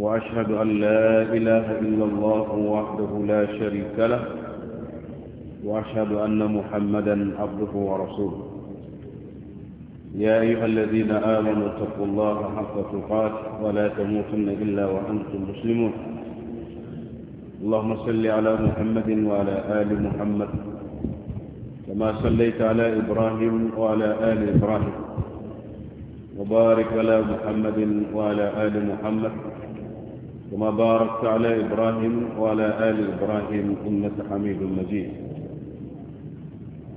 وأشهد أن لا إله إلا الله وحده لا شريك له وأشهد أن محمدا عبده ورسوله يا أيها الذين آمنوا اتقوا الله حق تقاته ولا تموتن إلا وأنتم مسلمون اللهم صل على محمد وعلى آل محمد كما صليت على إبراهيم وعلى آل إبراهيم وبارك على محمد وعلى آل محمد كما باركت على إبراهيم وعلى آل إبراهيم إنك حميد مجيد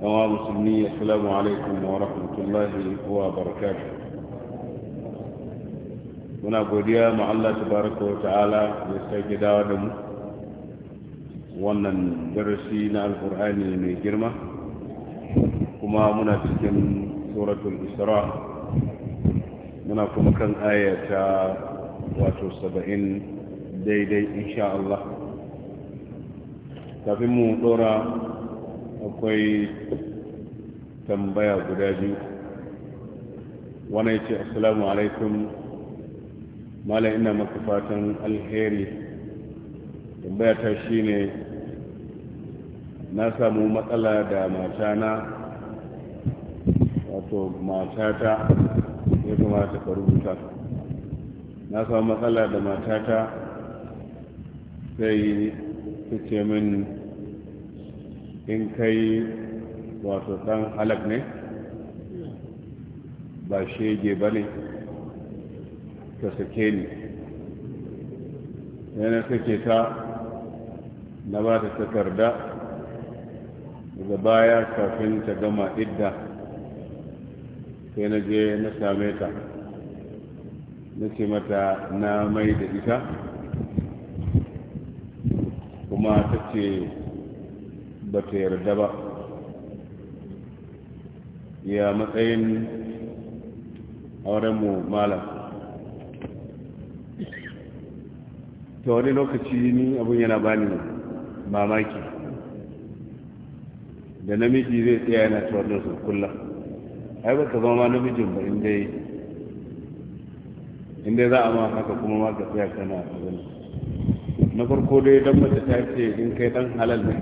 أوام مسلمي السلام عليكم ورحمة الله وبركاته muna godiya ma Allah tabaraka wa ta'ala ya sake dawo da mu wannan darasi na alkur'ani mai girma kuma muna cikin suratul isra muna kuma kan ayata wato saba'in daidai insha Allah kafin mu dora akwai tambaya guda biyu wani ya ce assalamu alaikum mala ina maka fatan alheri tambaya ta shine na samu matsala da matana wato matata ya kamata ka rubuta na samu matsala da matata sai su ce min in kai wato ɗan halak ne ba shege ba ne ta sake ni yana sake ta na ba ta takarda daga baya kafin ta gama idda sai na je na same ta na ce mata na mai da ita kuma ta ce ba ta yarda ba ya matsayin mu malam ta wani lokaci ni abin yana bani mamaki da namiji zai tsaya yana ta wannan kula ai ba ta zama namijin ba inda inda za a ma haka kuma ma ka tsaya kana a zanen na farko dai don mace ta ce in kai dan halal ne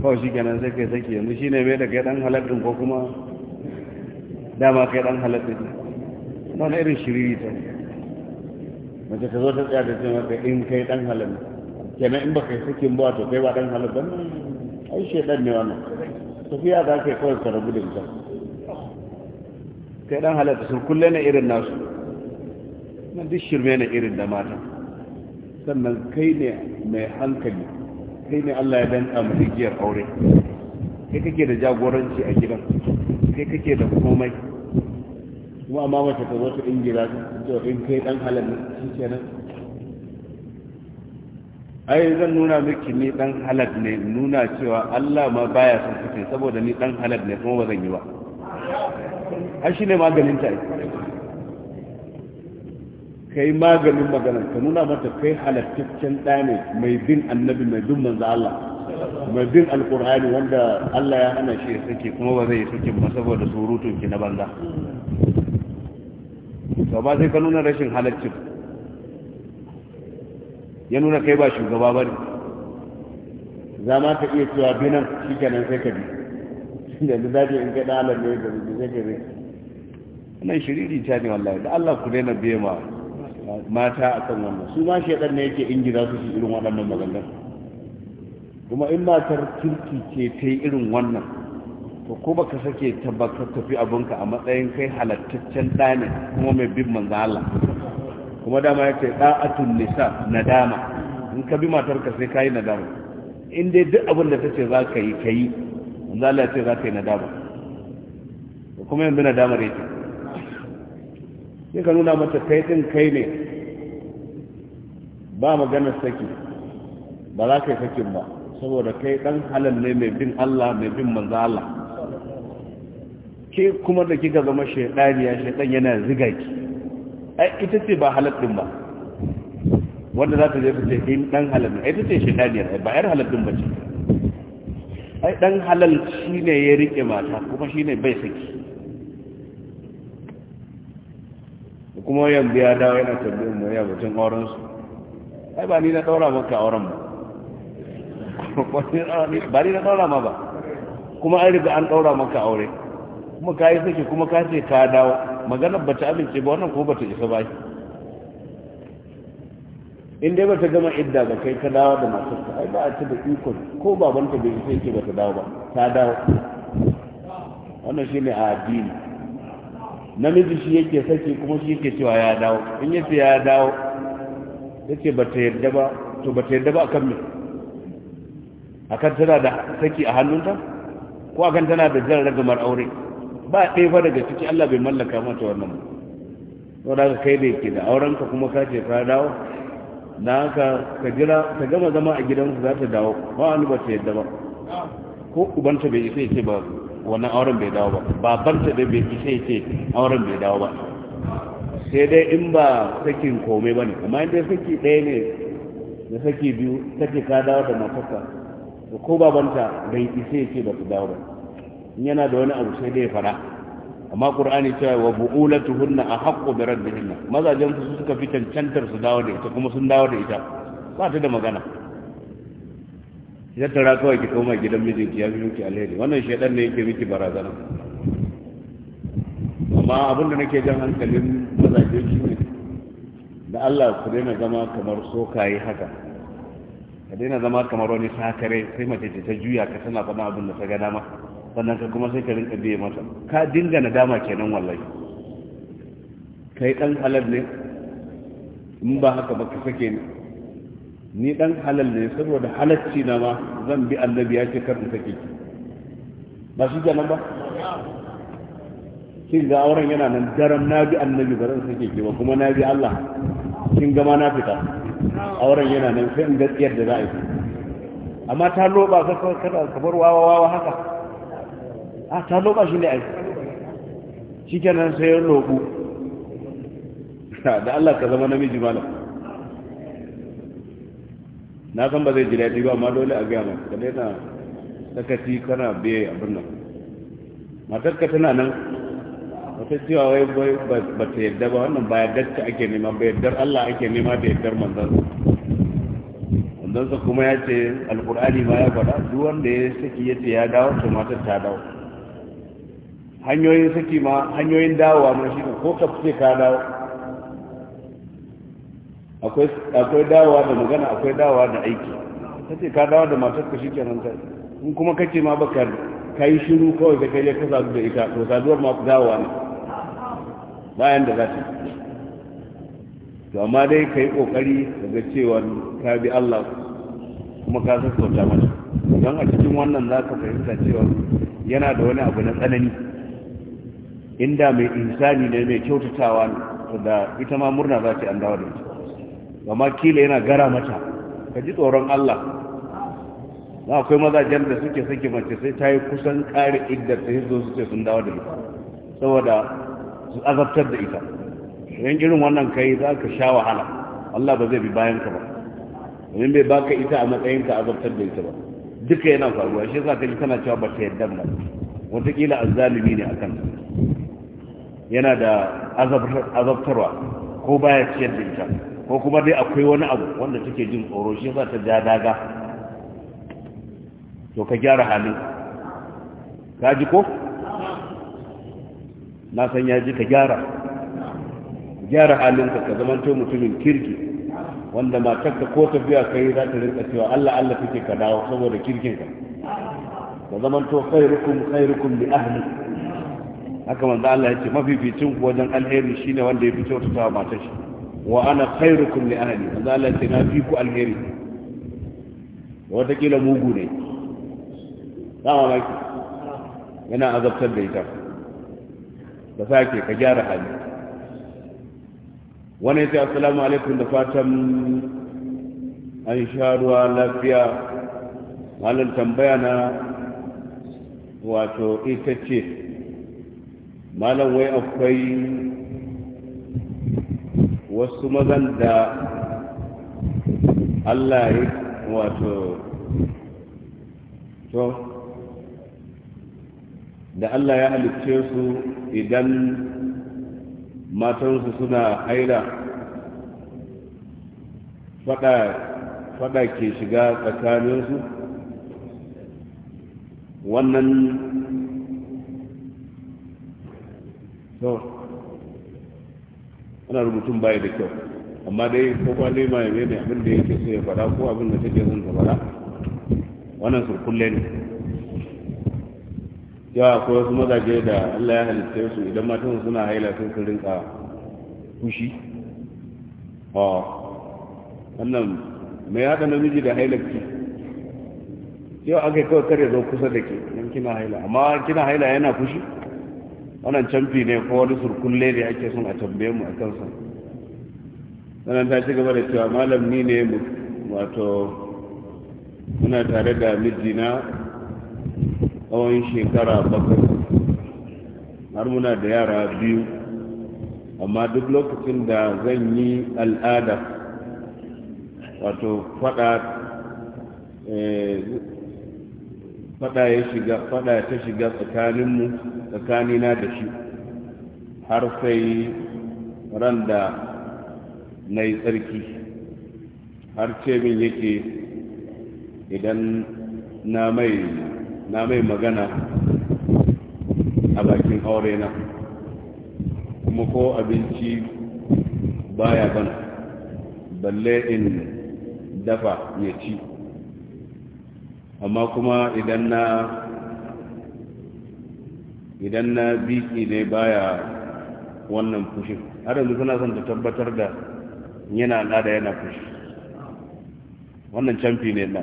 kawai shi kenan sai kai sake yanzu shi ne mai da kai dan halal din ko kuma dama kai dan halal din na irin shiriri ta mace ta zo ta tsaya da cewa maka in kai dan halal ne kenan in ba kai sake ba to kai ba dan halal ba ai shi shedan ne wannan tafiya za ka yi kawai ka rabu da ita kai dan halal sun kulle ne irin nasu na duk shirme ne irin da mata sannan kai ne mai hankali kai ne Allah ya danta mu igiyar aure kai kake da jagoranci a gidan kai kake da komai kuma amma mace ta zo ta ingila to in kai dan halal ne shi kenan ai zan nuna miki ni dan halal ne nuna cewa Allah ma baya son kace saboda ni dan halal ne kuma ba zan yi ba ai shine maganin ta kai maganin maganar ka nuna mata kai halattaccen ɗa ne mai bin annabi mai bin manzo Allah mai bin alkur'ani wanda Allah ya hana shi sake kuma ba zai sake ba saboda surutun ki na banza to ba sai ka nuna rashin halaccin ya nuna kai ba shugaba ba ne za ma ka iya cewa binan shi kenan sai ka bi da zaje in kai ɗan Allah ne da zai zai nan shiriri ta ne wallahi da Allah ku daina biye ma mata akan wannan su ma shaidan ne yake za su irin waɗannan maganar kuma in matar kirki ce ta yi irin wannan to ko baka sake tabbata tafi abinka a matsayin kai halattaccen ɗani kuma mai bin manzo Allah kuma dama ya ce da'atun nisa nadama in ka bi matar ka sai kai nadama in dai duk abin da tace za ka yi kai manzo Allah ya ce za ka yi nadama kuma yanzu nadama ne sai ka nuna mata kai din kai ne ba maganar saki ba za ka yi sakin ba saboda kai dan halal ne mai bin Allah mai bin manzo Allah ke kuma da kika zama ya shaidan yana ziga ki ai ita ce ba halal din ba wanda za ta je ta ce in eh, dan halal ne ai ita ce shaidaniyar ba yar halal din ba ce ai dan halal shine ya rike mata kuma shine bai saki kuma yanzu ya dawo yana tambayin mu ya batun auren su ai ba ni na daura maka auren ba ba ni na daura ma ba kuma an riga an daura maka aure kuma ka yi sake kuma ka ce ka dawo maganar ba ta amince ba wannan kuma ba ta isa ba in dai ba ta gama idda ba kai ka dawo da masu ai ba a ci da ikon ko babanta bai isa yake ba ta dawo ba ta dawo wannan shine a addini namiji shi yake saki kuma shi yake cewa ya dawo in ya ce ya dawo Ya ce ba ta yarda ba to ba ta yarda ba akan me akan tana da saki a hannunta ko akan tana da jan ragamar aure ba ɗaya ba daga ciki Allah bai mallaka mata wannan ba to da kai da yake da aurenka kuma ka ce ka dawo na ka ka jira ka gama zama a gidansu za ta dawo ba wani ba ta yarda ba ko ubanta bai isa ya ce ba wannan auren bai dawo ba ta da bai isa ce auren bai dawo ba sai dai in ba sakin komai ba ne amma inda saki ɗaya ne da saki biyu saki ka dawo da matasa da ko babanta bai isa ce ba su dawo ba in yana da wani abu sai dai ya fara amma qur'ani cewa wa bu'ulatuhunna ahqqu bi raddihinna mazajin su suka fi cancantar su dawo da ita kuma sun dawo da ita ba ta da magana ya tara kawai ki koma gidan mijinki ya fi miki alheri wannan shaidan ne yake miki barazana amma abin da nake jan hankalin mazaje shi ne da Allah ku daina zama kamar sokaye haka ka daina zama kamar wani sakare sai mace ce ta juya ka tana faɗin abin da ta ga dama sannan ka kuma sai ka rinka biye mata ka dinga dama kenan wallahi kai dan halal ne in ba haka ba ka sake ni ni dan halal ne saboda halacci na ma zan bi annabi ya ce kar in sake ki ba shi kenan ba kin ga auren yana nan daram na bi annabi ba zan sake ki ba kuma na bi Allah kin ga ma na fita auren yana nan sai in gaskiyar da za a yi amma ta loba ka kada ka bar wawa wawa haka a ah, ta loba shi ne ai kenan sai ya lobu da Allah ka zama namiji malam na san ba zai ji daɗi ba amma dole a gaya maka kada na sakaci kana biye abin matar ka tana nan wata cewa wai ba ta yadda ba wannan ba yadda ta ake nema ba yadda Allah ake nema da yadda manzan manzansa kuma ya ce alkur'ani ma ya faɗa duk wanda ya saki ya ce ya dawo to matar ta dawo hanyoyin saki ma hanyoyin dawowa ma shi ko ka fice ka dawo akwai dawa da magana akwai dawa da aiki ta ce ka dawa da matar ka shikenan ta in kuma kace ma baka ka yi shiru kawai da kai ka sadu da ita to saduwar ma dawa ne bayan da za ta to amma dai ka yi kokari daga cewa ka bi Allah kuma ka sassauta mata don a cikin wannan za ka fahimta cewa yana da wani abu na tsanani inda mai insani ne mai kyautatawa da ita ma murna za ta yi an dawa da ita amma kila yana gara mata ka ji tsoron Allah na akwai mazajen da suke sake mace sai ta yi kusan kare iddar ta hizo suke sun dawo da ita saboda su azabtar da ita yan irin wannan kai za ka sha wahala Allah ba zai bi bayan ka ba domin bai baka ita a matsayin ka azabtar da ita ba duka yana faruwa shi yasa ji tana cewa ba ta yadda ba wataƙila azzalimi ne akan yana da azabtarwa ko baya ciyar da ita ko kuma dai akwai wani abu wanda take jin tsoro shi za ta ja daga to ka gyara halin ka ji ko na san ya ji ka gyara gyara halin ka ka to mutumin kirki wanda ta ko tafiya kai za ta rinka cewa Allah Allah take ka dawo saboda kirkin ka Ka to khairukum khairukum bi ahli haka manzo Allah ya ce mafificin wajen alheri shine wanda ya fito ta matar shi wa ana khairukum li ahli manzo Allah ce na fi ku alheri watakila mugu ne dama mai yana azabtar da ita da sake ka gyara hali wani sai assalamu alaikum da fatan an sha ruwa lafiya malin tambaya na wato ita ce malam wai akwai wasu mazan da Allah ya wato to da Allah ya halicce su idan matansu suna haila fada ke shiga tsakaninsu wannan to ana rubutun baya da kyau amma dai ko kwale ya yabe ne abin da yake so ya fada ko abin da take son ta fada wannan surkulle ne ya akwai wasu mazaje da Allah ya halitta su idan matan suna haila sun su rinka fushi ha wannan mai haka namiji da haila ki yau aka kawai kare zo kusa da ke don kina haila amma kina haila yana fushi wannan camfi ne ko wani surkulle ne ake son a tambaye mu a kansa sannan ta ci gaba da cewa malam ni ne wato muna tare da mijina tsawon shekara bakwai har muna da yara biyu amma duk lokacin da zan yi al'ada wato faɗa. Eh, fada ya shiga fada ta shiga tsakaninmu tsakanina da shi har sai ran da na yi tsarki har ce min yake idan na mai magana a bakin aure na kuma ko abinci baya bana balle in dafa ya ci amma kuma idan na idan na biki ne baya wannan fushin har yanzu suna son ta tabbatar da yana lada yana fushi wannan canfi ne na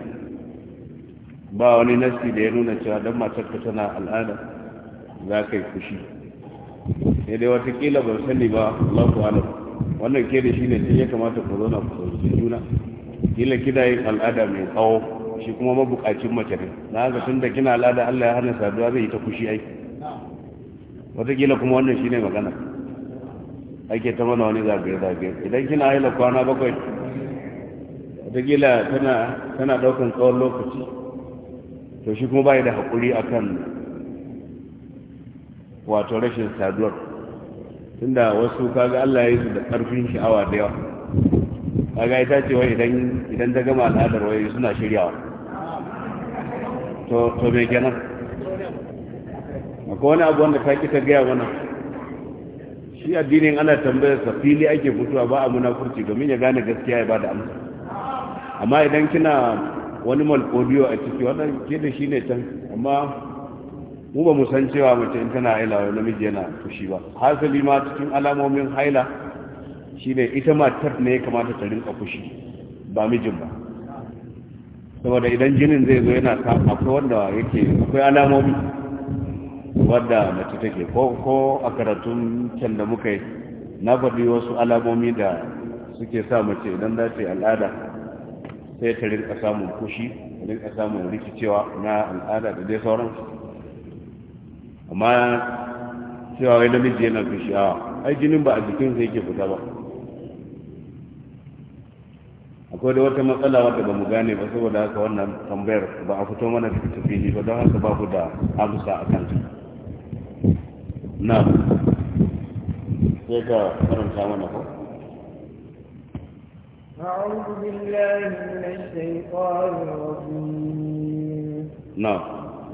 ba wani nasi da ya nuna cewa don ka tana al'ada za ka yi fushi sai dai watakila ba sani ba allahu alam wannan ke da shi ne ya kamata ku zauna ku sauki juna kila kina yin al'ada mai tsawo shi kuma mabukacin mace ne na haka tun da kina al'ada Allah ya hana saduwa zai yi ta kushi ai watakila kuma wannan shine magana ake ta mana wani zagaye-zagaye idan kina haila kwana bakwai watakila tana tana daukan tsawon lokaci to shi kuma bai da haƙuri akan wato rashin saduwar tunda wasu kaga Allah ya yi su da ƙarfin sha'awa da yawa kaga ita ce wai idan idan ta gama al'adar wai suna shiryawa to to me kenan akwai wani abu wanda ta ki ta gaya mana shi addinin ana tambayar sa fili ake fitowa ba a munafurci domin ya gane gaskiya ya bada amsa amma idan kina wani malkodiyo a ciki wannan ke da shi ne can amma mu ba mu san cewa mace in tana haila wani namiji yana fushi ba hasali ma cikin alamomin haila Shi ne ita matar ne ya kamata ta rinka fushi ba mijin ba saboda idan jinin zai zo yana ta akwai wanda yake akwai alamomi wadda mace take ko ko a karatun can da muka yi na faɗi wasu alamomi da suke sa mace idan za ta yi al'ada sai ta rinka samun fushi ta rinka samun rikicewa na al'ada da dai sauransu amma cewa wai namiji yana fushi a ai jinin ba a jikin sai yake fita ba akwai da wata matsala wadda ba mu gane ba saboda haka wannan tambayar ba a fito mana da ta fili ba don haka ba ku da amsa a kanta na sai ka karanta mana ko أعوذ بالله من الشيطان الرجيم نعم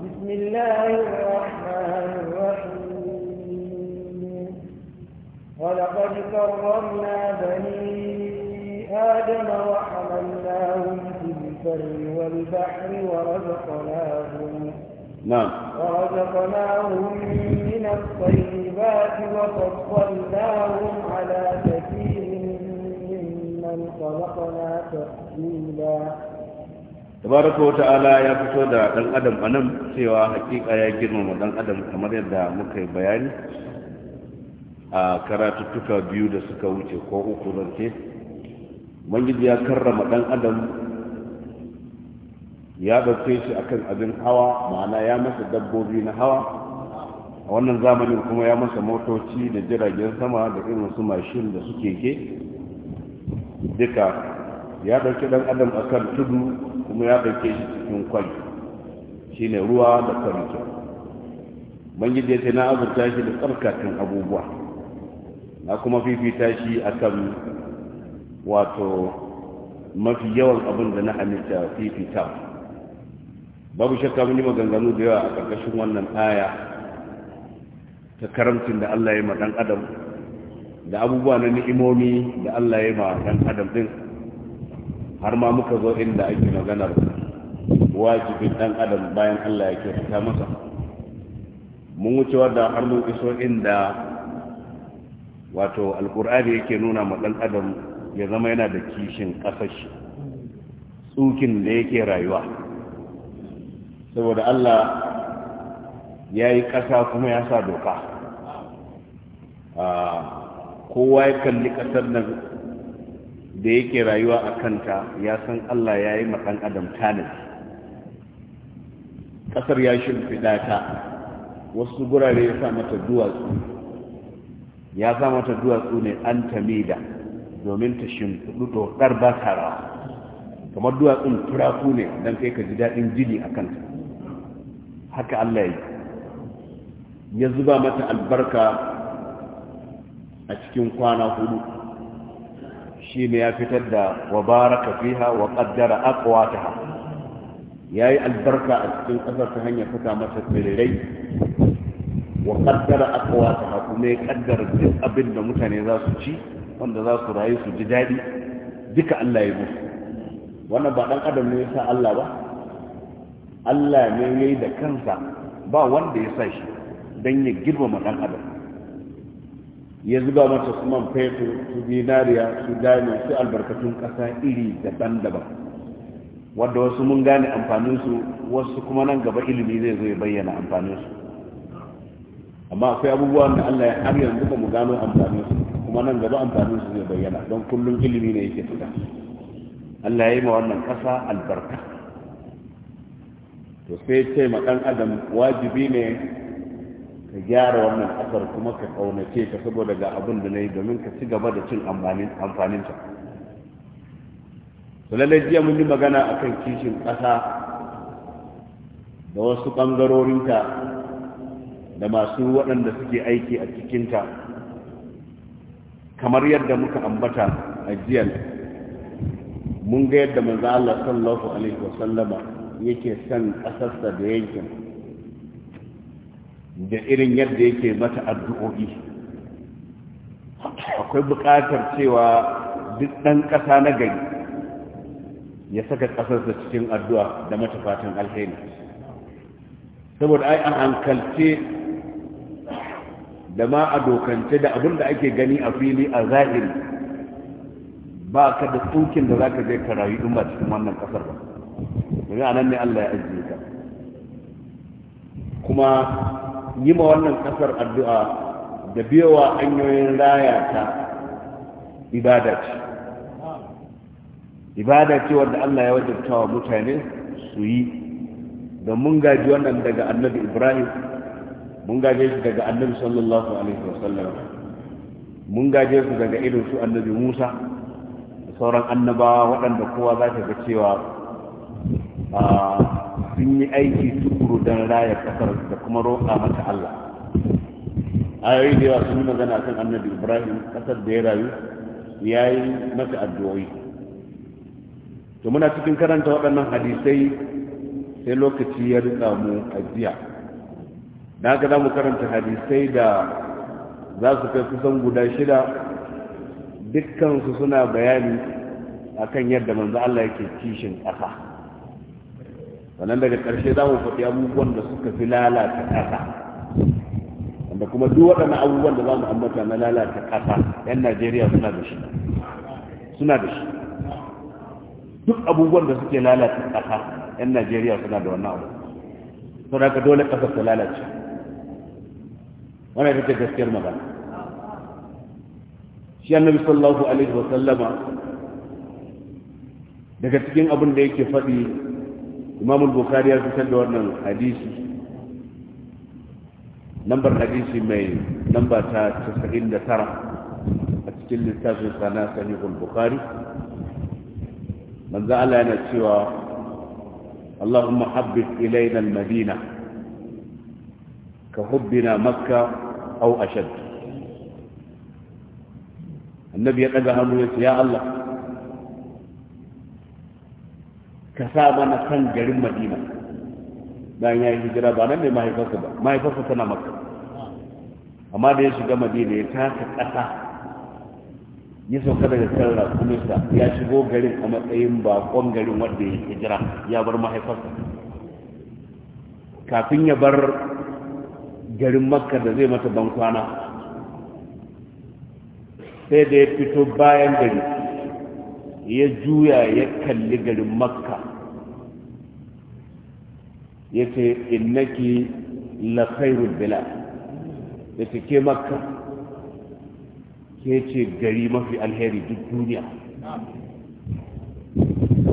بسم الله الرحمن الرحيم ولقد كرمنا بني آدم وحملناهم في البر والبحر ورزقناهم نعم ورزقناهم من الطيبات وفضلناهم على كثير ممن خلقنا تفضيلا tabaraka wa ta'ala ya fito da ɗan adam a nan cewa hakika ya girmama ɗan adam kamar yadda muka yi bayani a karatuttuka biyu da suka wuce ko uku zance ubangiji ya karrama dan adam ya ɗauke shi akan abin hawa ma'ana ya masa dabbobi na hawa a wannan zamanin kuma ya masa motoci da jiragen sama da irin su mashin da suke keke duka ya ɗauke dan adam akan tudu kuma ya ɗauke shi cikin kwai shine ruwa da kwarike ubangiji ya ce na azurta shi da tsarkakan abubuwa na kuma fifita shi akan wato mafi yawan abin da na halitta fifita babu shakka mun yi maganganu da yawa a ƙarƙashin wannan aya ta karamcin da Allah ya ma dan adam da abubuwa na ni'imomi da Allah ya ma ɗan adam ɗin har ma muka zo inda ake maganar wajibin dan adam bayan Allah ya fita masa mun wuce wadda har mun iso inda wato alƙur'ani yake nuna ma ɗan adam ya zama yana da kishin ƙasar shi tsukin da yake rayuwa saboda Allah ya yi ƙasa kuma ya sa doka ah, kowa ya kalli ƙasar nan da yake rayuwa a kanta ya san Allah ya yi matsan adam tanis ƙasar ya shimfiɗa ta wasu gurare ya sa mata duwatsu ya sa mata duwatsu ne an tamida domin ta shimfiɗu dokar ba rawa kamar duwatsun turaku ne don kai ka ji daɗin jini a kanta haka Allah ya yi ya zuba mata albarka a cikin kwana hudu shi ne ya fitar da wa baraka fiha wa ha? Ya yi albarka a cikin ƙasar ta hanyar fita mata tsirrai wa ƙaddara ta ha kuma ya ƙaddara duk abin da mutane za su ci wanda za su rayu su ji daɗi duka Allah ya musu wannan ba dan adam ne ya sa Allah ba Allah ne ya yi da kansa ba wanda ya sa shi don ya girmama ɗan adam ya zuba mata su man fetur su zinariya su dami su albarkatun ƙasa iri daban-daban wadda wasu mun gane amfaninsu wasu kuma nan gaba ilimi zai zo ya bayyana amfaninsu amma akwai abubuwan da Allah ya har yanzu ba mu gano amfaninsu kuma nan gaba amfanin su zai bayyana don kullum ilimi ne yake fita Allah ya yi ma wannan ƙasa albarka to sai ce ma ɗan adam wajibi ne ka gyara wannan ƙasar kuma ka ƙaunace ta saboda ga abin da na yi domin ka ci gaba da cin amfaninta to lallai jiya mun yi magana a kan kishin ƙasa da wasu ɓangarorinta da masu waɗanda suke aiki a cikinta kamar yadda muka ambata a jiya mun ga yadda manzo Allah sallallahu alaihi wasallama yake son kasarsa da yankin da irin yadda yake mata addu'o'i akwai buƙatar cewa duk ɗan ƙasa na gari ya saka ƙasarsa cikin addu'a da mata fatan alheri saboda ai an hankalce da ma a dokance da abin da ake gani a fili a zahiri ba ka da tsokin da za ka je ka rayu in ba cikin wannan ƙasar ba domin a nan ne Allah ya ajiye ka kuma yi ma wannan kasar addu'a da biyawa hanyoyin raya ta ibada ce ibada ce wanda Allah ya wajabta wa mutane su yi da mun gaji wannan daga annabi Ibrahim mun gaje su daga annabi sallallahu alaihi wasallam mun gaje su daga irin su annabi Musa da sauran annabawa waɗanda kowa za ta ga cewa sun yi aiki tukuru don raya kasar da kuma roƙa mata Allah ayoyi da yawa sun yi magana kan annabi Ibrahim kasar da ya rayu ya yi mata addu'o'i to muna cikin karanta waɗannan hadisai sai lokaci ya rika mu jiya. da haka za mu karanta hadisai da za su kai kusan guda shida dukkansu suna bayani akan yadda manzo Allah yake kishin ƙasa sannan daga ƙarshe za mu faɗi abubuwan da suka fi lalata ƙasa wanda kuma duk waɗannan abubuwan da za mu ambata na lalata ƙasa 'yan Najeriya suna da shi suna da shi duk abubuwan da suke lalata ƙasa 'yan Najeriya suna da wannan abu saboda dole ƙasa ta lalace wannan ita gaskiyar magana shi annabi sallallahu alaihi wa sallama daga cikin abin da yake faɗi imam bukhari ya fitar da wannan hadisi lambar hadisi mai lamba ta 99 a cikin littafin sana sahihul bukhari manzo Allah yana cewa Allahumma habbib ilaina al-madina ka hubbina makka aw annabi ya ɗaga hannu ya ce ya Allah ka sa mana kan garin Madina bayan ya yi hijira ba nan ne mahaifarsa ba mahaifarsa tana maka amma da ya shiga Madina ya taka ƙasa ya sauka daga kan rakuninsa ya shigo garin a matsayin baƙon garin wanda ya hijira ya bar mahaifarsa kafin ya bar garin makka da zai mata ban kwana sai da ya fito bayan gari ya juya ya kalli garin makka ya ce innaki lafairun bila ya ce ke makka ke ce gari mafi alheri duk duniya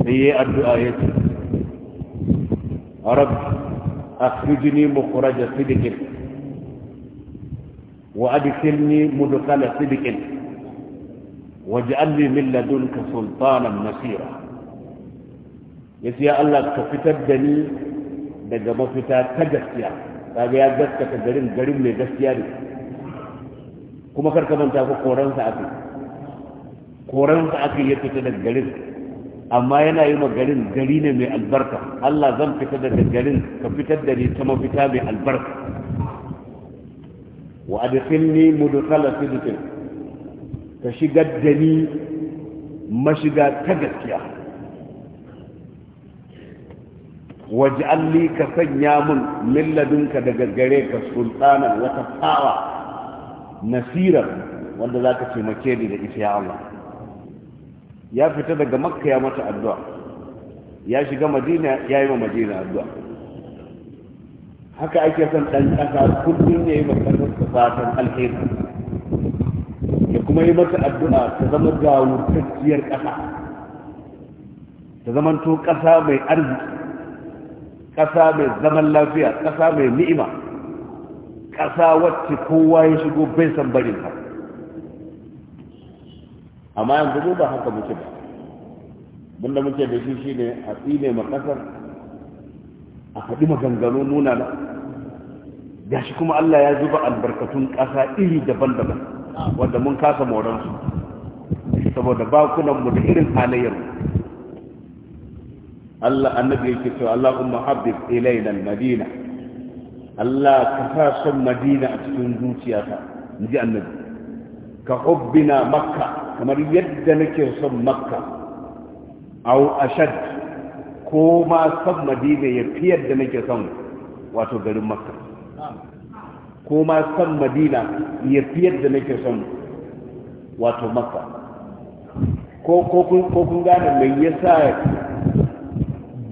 sai ya yi addu'a ya ce a mu kura da sidqin وأدخلني مدخل صدق واجعل لي من لدنك سلطانا نصيرا يسيا الله كفتدني daga mafita ta gaskiya kaga ya gaskata garin garin mai gaskiya ne kuma karka manta ko koransa aka koransa aka ya fita daga garin amma yana yi garin gari ne mai albarka Allah zan fita daga garin ka fitar da ni ta mafita mai albarka wa adkhilni mudkhala sidqin ka shigar da ni mashiga ta gaskiya alli ka sanya mun min ladunka daga gare ka sultana wata tawa nasira wanda zaka taimake ni da ita ya Allah ya fita daga makka ya mata addu'a ya shiga madina ya yi wa madina addu'a haka ake son dan ƙasa kullum ya yi ƙasar ta fatan alheri ya kuma yi mata addu'a ta zama gawurtacciyar ƙasa ta zamanto ƙasa mai arziki ƙasa mai zaman lafiya ƙasa mai ni'ima ƙasa wacce kowa ya shigo bai san barin ba amma yanzu ba haka muke ba bunda muke da shi shine a tsine ma kasar a faɗi maganganu nuna na ya shi kuma Allah ya zuba albarkatun ƙasa iri daban-daban wanda mun kasa moransu saboda bakunanmu da irin halayyar Allah annabi yake cewa Allahumma habib ilayna al-madina Allah ka sa son madina a cikin zuciyata inji annabi ka hubbina makka kamar yadda nake son makka aw ashad ko ma san madina ya fi yadda nake son wato garin makka ko ma san madina ya fi yadda nake son wato makka ko kun gane mai yasa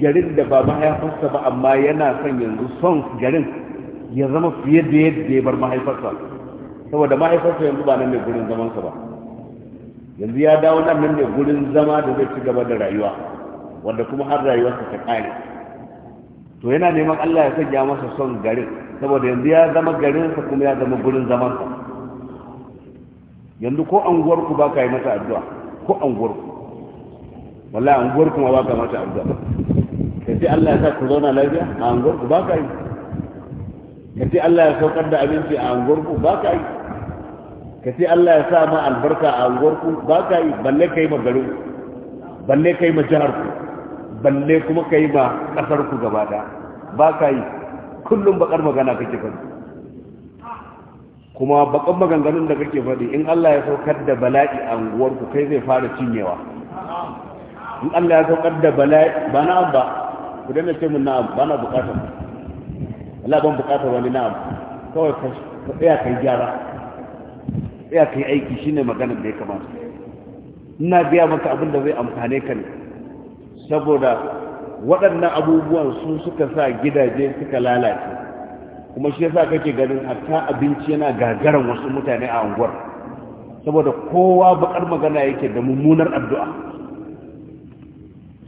garin da ba mahaifarsa ba amma yana son yanzu son garin ya zama fiye da yadda ya bar mahaifarsa saboda mahaifarsa yanzu ba nan ne gurin zamansa ba yanzu ya dawo nan nan ne gurin zama da zai ci gaba da rayuwa wanda kuma har rayuwarsa ta kare to yana neman Allah ya sanya masa son garin saboda yanzu ya zama garin sa kuma ya zama gurin sa yanzu ko ku ba ka yi masa addu'a ko ku wallahi ku ma ba ka masa addu'a ka ce Allah ya sa ku zauna lafiya a ku ba ka yi ka ce Allah ya saukar da abinci a ku ba ka yi ka ce Allah ya sa ma albarka a ku ba ka yi balle kai ma garin balle kai ma jihar ku balle kuma ka yi ma ƙasar ku gaba da ba ka yi kullum bakar magana kake faɗi kuma baƙar maganganun da kake faɗi in Allah ya saukar da bala'i a unguwarku ku kai zai fara cinyewa in Allah ya saukar da bala'i ba na'am ba ku dana ce mun na'am ba na buƙatar. Allah ban buƙatar wani na'am kawai ka tsaya kai gyara tsaya kai aiki shine maganar da ya kamata ina biya maka abin da zai amfane ka ne saboda waɗannan abubuwan su suka sa gidaje suka lalace kuma shi yasa kake ganin hatta abinci yana gagaran wasu mutane a unguwar saboda kowa bakar magana yake da mummunar addu'a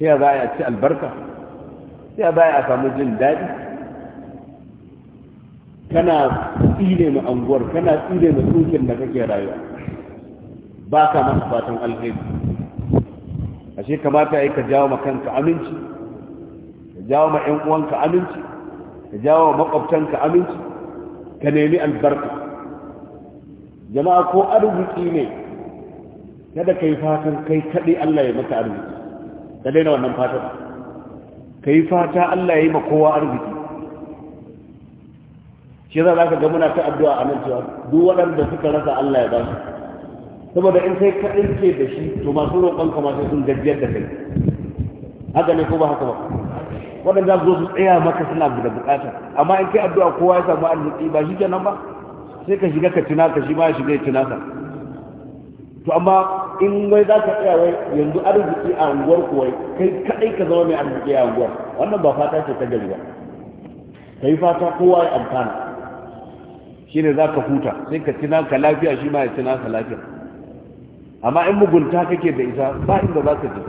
sai za a ci albarka sai za a samu jin daɗi kana tsire mai anguwar kana tsire mai tsokin da kake rayuwa ba ka masa fatan alheri ashe kamata ya yi ka jawo ma kanka aminci ka jawo ma 'yan uwanka aminci ka jawo makwabtanka aminci ka nemi albarka jama'a ko arziki ne kada ka yi fatan kai kaɗai allah ya maka arziki ka daina wannan fatan ka yi fata allah ya yi ma kowa arziki shi za ka ga muna ta addu'a a nan cewa duk waɗanda suka rasa allah ya ba su saboda in sai ka ɗinke da shi to masu roƙon ka sai sun gajiyar da kai haka ne ko ba haka ba waɗanda zo su tsaya maka suna da bukata amma in kai addu'a kowa ya samu arziki ba shi kenan ba sai ka shiga ka tuna ka shi ba ya shiga ya tuna ka to amma in wai za ka tsaya wai yanzu arziki a unguwar ku wai kai kaɗai ka zama mai arziki a unguwar wannan ba fata ce ta gari ba ka yi fata kowa ya amfana shine za ka huta sai ka tuna ka lafiya shi ma ya tuna ka lafiya amma in mugunta kake da ita ba inda za ka ji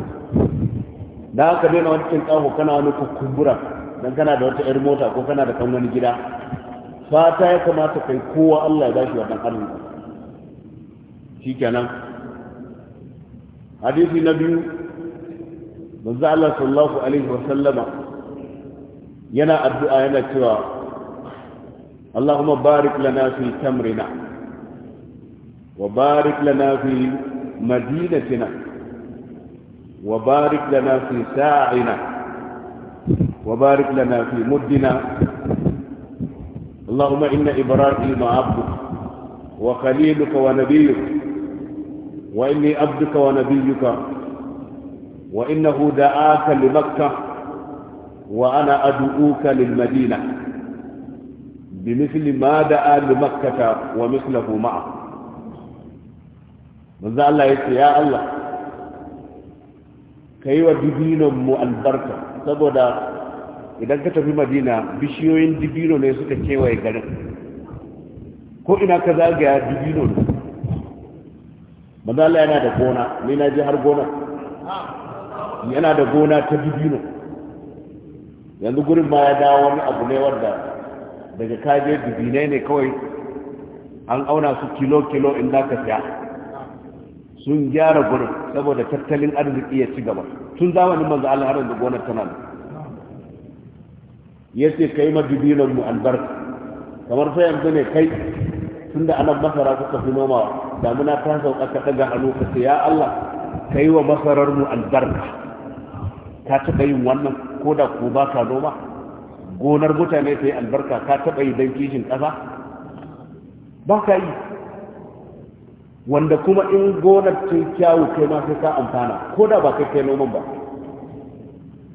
da ka daina wani cin kaho kana wani kukumbura dan kana da wata yar mota ko kana da kan wani gida fata ya kamata kai kowa Allah ya bashi wannan arziki shikenan hadisi na biyu manzo Allah sallallahu alaihi wa sallama yana addu'a yana cewa Allahumma barik lana fi tamrina wa barik lana fi مدينتنا وبارك لنا في ساعنا وبارك لنا في مدنا اللهم إن إبراهيم عبدك وخليلك ونبيك وإني عبدك ونبيك وإنه دعاك لمكة وأنا أدعوك للمدينة بمثل ما دعا لمكة ومثله معه manzo Allah ya ce ya Allah kai wa dibinon mu albarka saboda idan ka tafi Madina bishiyoyin dibino ne suka kewaye garin ko ina ka zagaya dibino ne manzo Allah yana da gona ni na ji har gona yana da gona ta dibino yanzu gurin ba ya dawo wani abu ne wanda daga kaje dibinai ne kawai an auna su kilo-kilo in za ka siya sun gyara gurin saboda tattalin arziki ya ci gaba tun zamanin manzo Allah har da gonar tana nan yace kai ma dibinan mu albarka kamar sai yanzu ne kai tunda anan masara suka fi noma, damuna ta sauka ka daga hannu ka ce ya Allah kai wa masarar mu albarka ka taɓa yin wannan ko da ko ba ka noma gonar mutane ta yi albarka ka taɓa yi don kishin ƙasa ba ka yi wanda kuma in gonar cin kyawu kai ma sai ka amfana ko da ba kai kai noman ba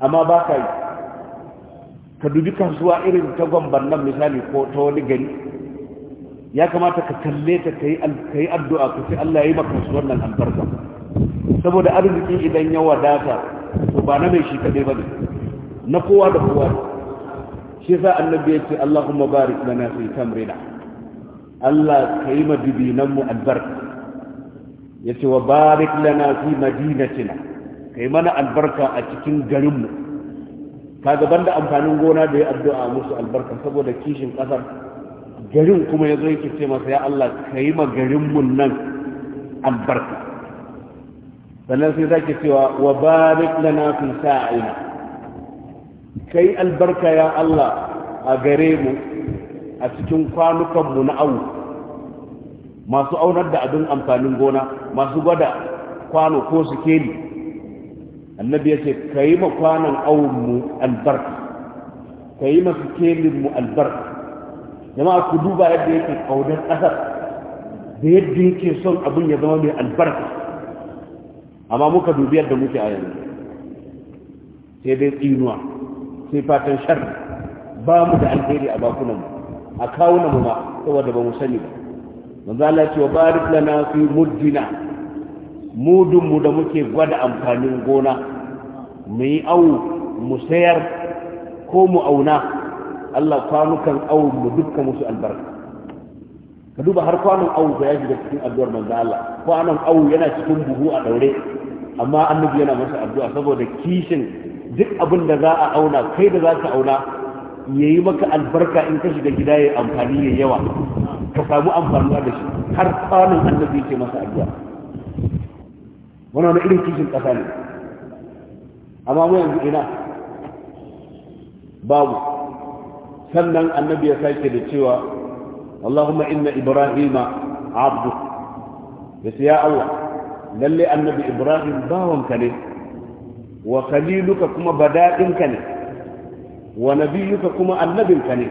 amma ba ka yi ka dubi kasuwa irin ta gwamban nan misali ko ta wani gari ya kamata ka kalle ta ka yi addu'a ka ce Allah ya yi maka kasuwar nan albarka saboda arziki idan ya wadata to ba na mai shi kaɗai ba ne na kowa da kowa shi sa annabi ya ce Allahumma barik lana fi tamrina Allah ka yi mu albarka ya ce wa barik lana fi madinatina kai mana albarka a cikin garinmu gaban banda amfanin gona da ya addu'a musu albarka saboda kishin kasar garin kuma ya zo yake ce masa ya Allah kai ma garinmu nan albarka sannan sai zaki cewa wa barik lana fi sa'ina kai albarka ya Allah a gare mu a cikin kwanukan mu na awu masu aunar da abin amfanin gona masu gwada kwano ko ni, annabi ya ce ka yi ma kwanon awonmu albarka ka yi ma sikelinmu albarka jama'a ku duba yadda yake kaunar ƙasar da yadda yake son abin ya zama mai albarka amma muka dubi yadda muke a yanzu sai dai tsinuwa sai fatan shar ba mu da alheri a bakunanmu a kawunanmu ma saboda ba mu sani ba manzo Allah ce wa barik lana fi muddina mudun mu da muke gwada amfanin gona mu yi au, mu sayar ko mu auna Allah kwanukan au mu dukkan musu albarka ka duba har kwanon au ba ya shiga cikin addu'ar manzo Allah kwanon au yana cikin buhu a daure amma annabi yana masa addu'a saboda kishin duk abin da za a auna kai da za ka auna yayi maka albarka in ka shiga gida ya amfani yayi yawa ka samu amfanuwa da shi har tsamin annabi yake masa addu'a wannan irin kishin kasa ne amma mu yanzu ina babu sannan annabi ya sake da cewa Allahumma inna ibrahima abdu Ya ya Allah lalle annabi ibrahim bawanka ne wa khaliluka kuma bada'inka ne wa nabiyuka kuma annabinka ne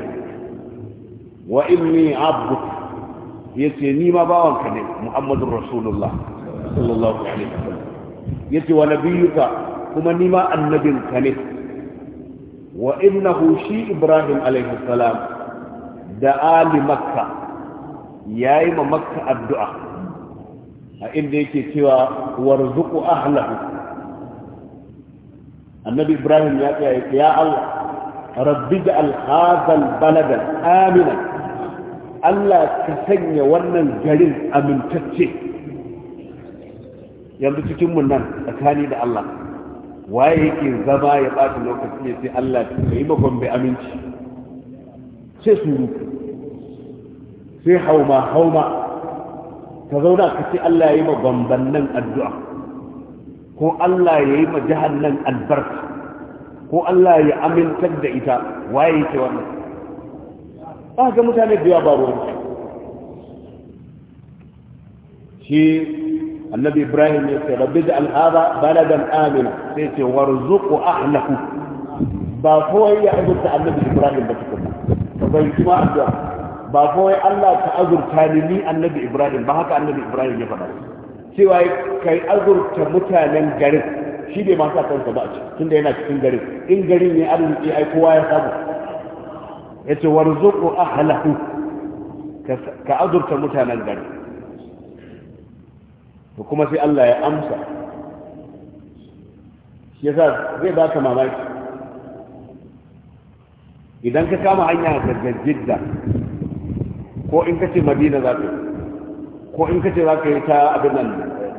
wa inni abduka ya ce ni ma bawanka ne Muhammadu rasulullah sallallahu alaihi wasallam ya ce wa nabiyuka kuma ni ma ka ne wa innahu shi ibrahim alaihi salam da ali makka ya yi ma makka addu'a a inda yake cewa warzuku ahlahu annabi ibrahim ya tsaya ya Allah rabbi da alhazal baladan aminan Allah ka sanya wannan garin amintacce yanzu cikinmu nan tsakani da Allah waye yake zama ya ɓata lokaci ya sai Allah ka yi makon bai aminci sai suru sai hauma hauma ka zauna ka ce Allah ya yi mabamban nan addu'a ko Allah ya yi ma jihar nan albarka ko Allah ya amintar da ita waye yake wannan ba ga mutane da yawa babu wani shi annabi ibrahim ya ce rabbi da al'ada baladan amina sai ce a ahlahu ba kawai ya azurta annabi ibrahim ba tukuna ba bai kuma addu'a ba kawai Allah ta azurta ni ni annabi ibrahim ba haka annabi ibrahim ya faɗa cewa kai azurta mutanen garin shi bai ma sa kansa ba a cikin tunda yana cikin garin in garin ne arziki ai kowa ya samu yace warzuqu ahlahu ka adurta mutanen gari to kuma sai Allah ya amsa shi yasa zai baka mamaki idan ka kama hanya daga jidda ko in ka ce madina za ka ko in kace za ka yi ta abin nan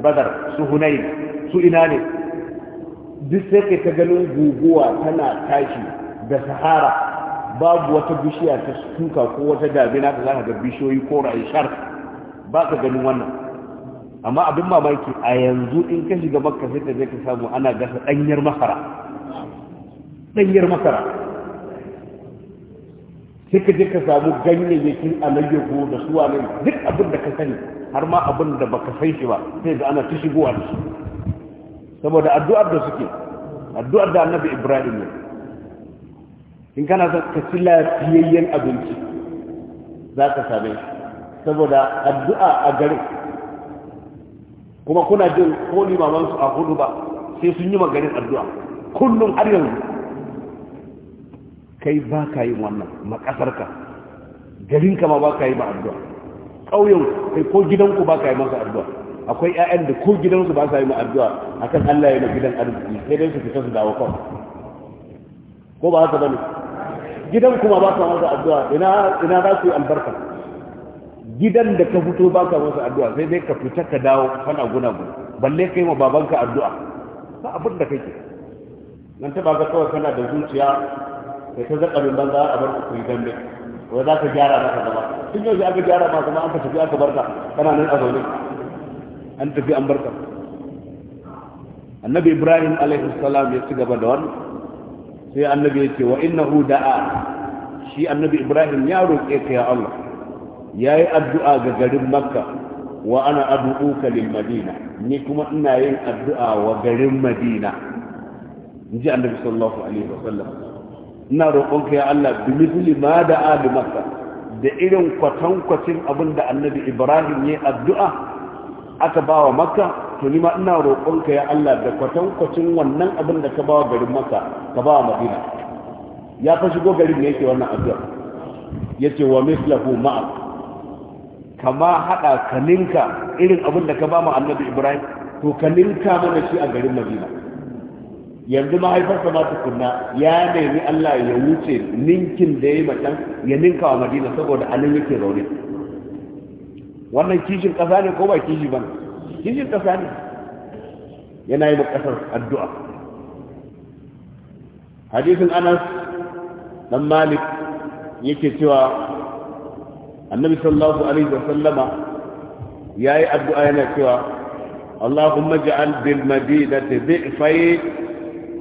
badar su hunain su ina ne duk sai ka ganin guguwa tana tashi da sahara babu wata bishiya ta tuka ko wata damina ta zaka ga bishiyoyi ko shar ba ka ganin wannan amma abin mamaki a yanzu in ka shiga makka sai ka je ka samu ana gasa danyar masara danyar masara sai ka je ka samu ganyayyakin alayyahu da suwa ne duk abin da ka sani har ma abin da baka san shi ba sai da ana ta shigowa da shi saboda addu'ar da suke addu'ar da annabi ibrahim ne in kana son ka ci lafiyayyen abinci za ka same shi saboda addu'a a garin kuma kuna jin ko limamansu a hudu ba sai sun yi maganin addu'a kullum har yanzu kai ba ka yi wannan makasarka garinka ma ba ka yi ba addu'a ƙauyen kai ko gidanku ba ka yi masa addu'a akwai 'ya'yan da ko gidansu ba sa yi ma addu'a akan Allah ya yi gidan arziki sai dai su fita su dawo kawai ko ba haka ba ne gidan kuma ba ka masa addu'a ina ina za su yi albarka gidan da ka fito ba ka masa addu'a sai dai ka fita ka dawo kana guna guna balle kai ma babanka addu'a ba abin da kake nan ta baka kawai kana da zuciya sai ta zaka min banza a bar ku yi ne wai za ka gyara maka zama tun yau aka gyara maka zama an ka tafi aka barka kana nan a zaune an tafi an barka annabi ibrahim alaihi salam ya ci gaba da wannan sai annabi ya ce wa innahu da'a shi annabi ibrahim ya roƙe ka ya allah ya yi addu'a ga garin makka wa ana addu'uka lil madina ni kuma ina yin addu'a wa garin madina in ji annabi sallallahu alaihi wa sallam. ina roƙonka ya allah bi misli ma da'a bi makka da irin kwatankwacin abin da annabi ibrahim ya addu'a aka ba wa makka to ni ma ina roƙonka ya Allah da kwatankwacin wannan abin da ka ba wa garin makka ka ba wa madina ya fa shigo garin ne yake wannan addu'a yace wa mislahu ma kama hada kaninka irin abin da ka ba mu annabi ibrahim to kaninka mana shi a garin madina yanzu mahaifarsa ma tukunna ya nemi Allah ya wuce ninkin da ya yi macen ya ninka wa madina saboda anan yake zaune wannan kishin ƙasa ne ko ba kishi ba kishin ƙasa ne yana yi ƙasar addu'a hadisin anas dan malik yake cewa annabi sallallahu alaihi wasallama yayi addu'a yana cewa Allahumma ja'al bil madinati bi'fai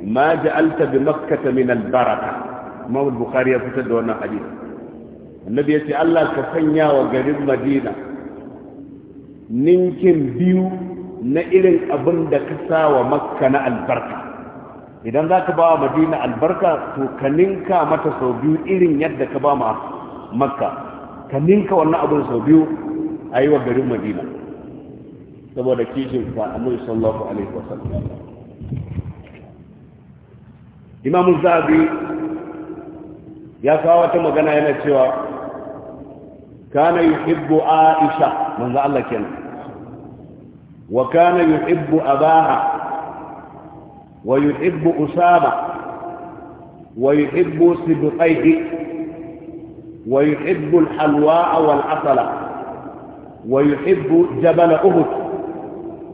ma ja'alta bi makkah min al baraka Imam Bukhari ya fitar da wannan hadisi annabi yace Allah ka sanya wa garin Madina ninkin biyu na irin abin da ka sa wa makka na albarka idan za ka ba wa madina albarka to ka ninka mata sau biyu irin yadda ka ba ma makka ka ninka wannan abin sau biyu a yi wa garin madina saboda kishin fa'amun sallallahu alaihi wasallam imamun zabi ya kawo wata magana yana cewa كان يحب عائشة من ذا الله كان وكان يحب أباها ويحب أسامة ويحب سبقيه ويحب الحلواء والعسل ويحب جبل أهد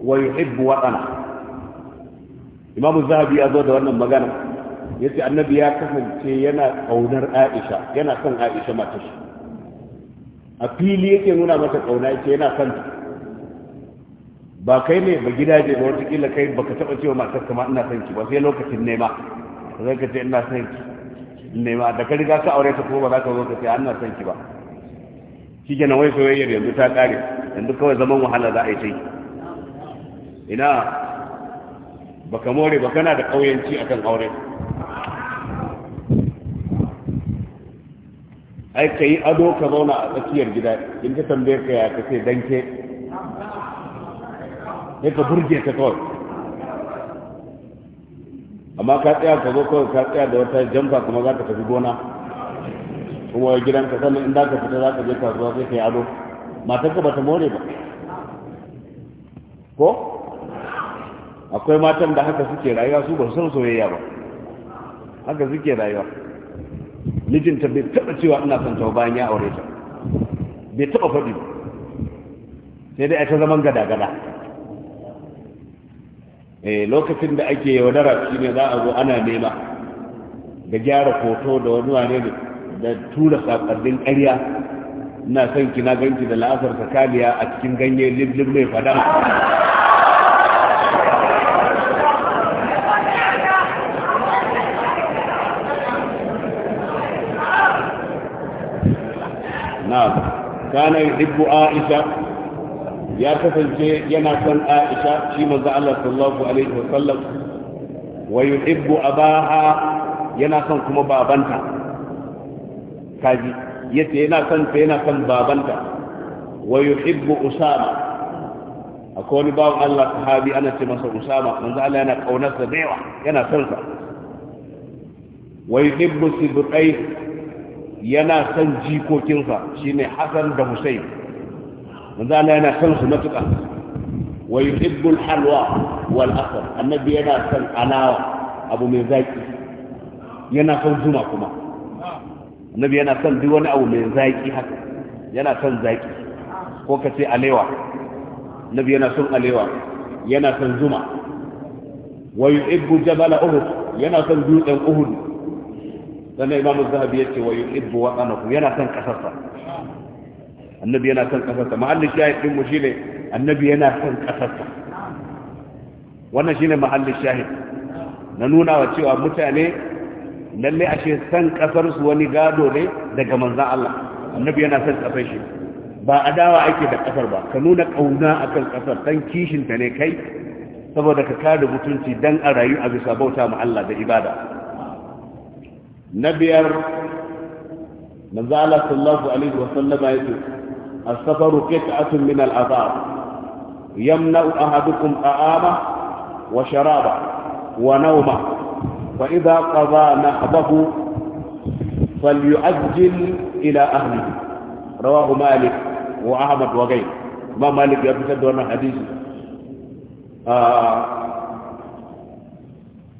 ويحب وطنه إمام الذهبي أزود أن المغرب يأتي النبي يا أو نر عائشة ينا كن عائشة ما تشي a fili yake nuna mata kauna yake yana son ba kai ne ba gidaje ba wata kila kai baka taba cewa matar kama ina son ki ba sai lokacin nema zai ka ce ina son ki nema da ka riga ka aure ta ko ba za ka zo ka ce ah, ina son ki ba shi ke wai soyayyar yanzu ta kare yanzu kawai zaman wahala za a yi ta yi ina baka more ba kana da kauyanci akan aure ai ka yi ado ka zauna a tsakiyar gida in ka tambaye ka ya kace danke sai ka burge ta kawai amma ka tsaya ka zo kawai ka tsaya da wata jamfa kuma za ka tafi gona kuma ka sannan in da ka fita za ka je kasuwa sai ka yi ado matar ka bata more ba ko akwai matan da haka suke rayuwa su ba su san soyayya ba haka suke rayuwa mijinta bai taɓa cewa ina son ta bayan ya aure ta bai taɓa faɗi sai dai ta zaman gada-gada eh lokacin da ake yaudara shi ne za a zo ana nema da gyara hoto da wani wane ne da tura sakonnin ƙarya ina son ki na ganki da la'asar sakaliya a cikin ganye lib-lib mai fada kana yuhibbu aisha ya kasance yana son aisha shi manzo Allah sallallahu alaihi wasallam wa yuhibbu abaha yana son kuma babanta kaji yace yana son ta yana son babanta wa yuhibbu usama akwai wani bawan Allah sahabi ana ce masa usama manzo Allah yana kaunar sa da yawa yana son sa wa yuhibbu sibqai yana son jikokinsa shine Hassan da Hussein manzo Allah yana son su matuƙa wa yuhibbu al-halwa wal asal annabi yana son alawa abu mai zaki yana son zuma kuma annabi yana son duk wani abu mai zaki haka yana son zaki ko ka ce alewa annabi yana son alewa yana son zuma wa yuhibbu jabal uhud yana son dutsen uhud sannan imamu zahabi ya ce wa yi yuhibbu wa qanahu yana son ƙasarsa. annabi yana son ƙasarsa. ma'allin shahid din mu ne. annabi yana son ƙasarsa. wannan shi ne ma'allin shahid na nuna wa cewa mutane lalle ashe san son ƙasarsu wani gado ne daga manzon Allah annabi yana son ƙasar shi ba adawa ake da ƙasar ba ka nuna ƙauna akan kasar dan kishin ta ne kai saboda ka kada mutunci dan a rayu a bisa bauta ma Allah da ibada na biyar manzo Allah sallallahu alaihi wa sallama yace as-safaru qit'atun min al-azab yamna'u ahadukum ta'ama wa sharaba wa nawma fa idha qadha nahbahu falyu'ajjil ila ahlihi rawahu malik wa ahmad wa ghayr ma malik ya fitar da wannan hadisi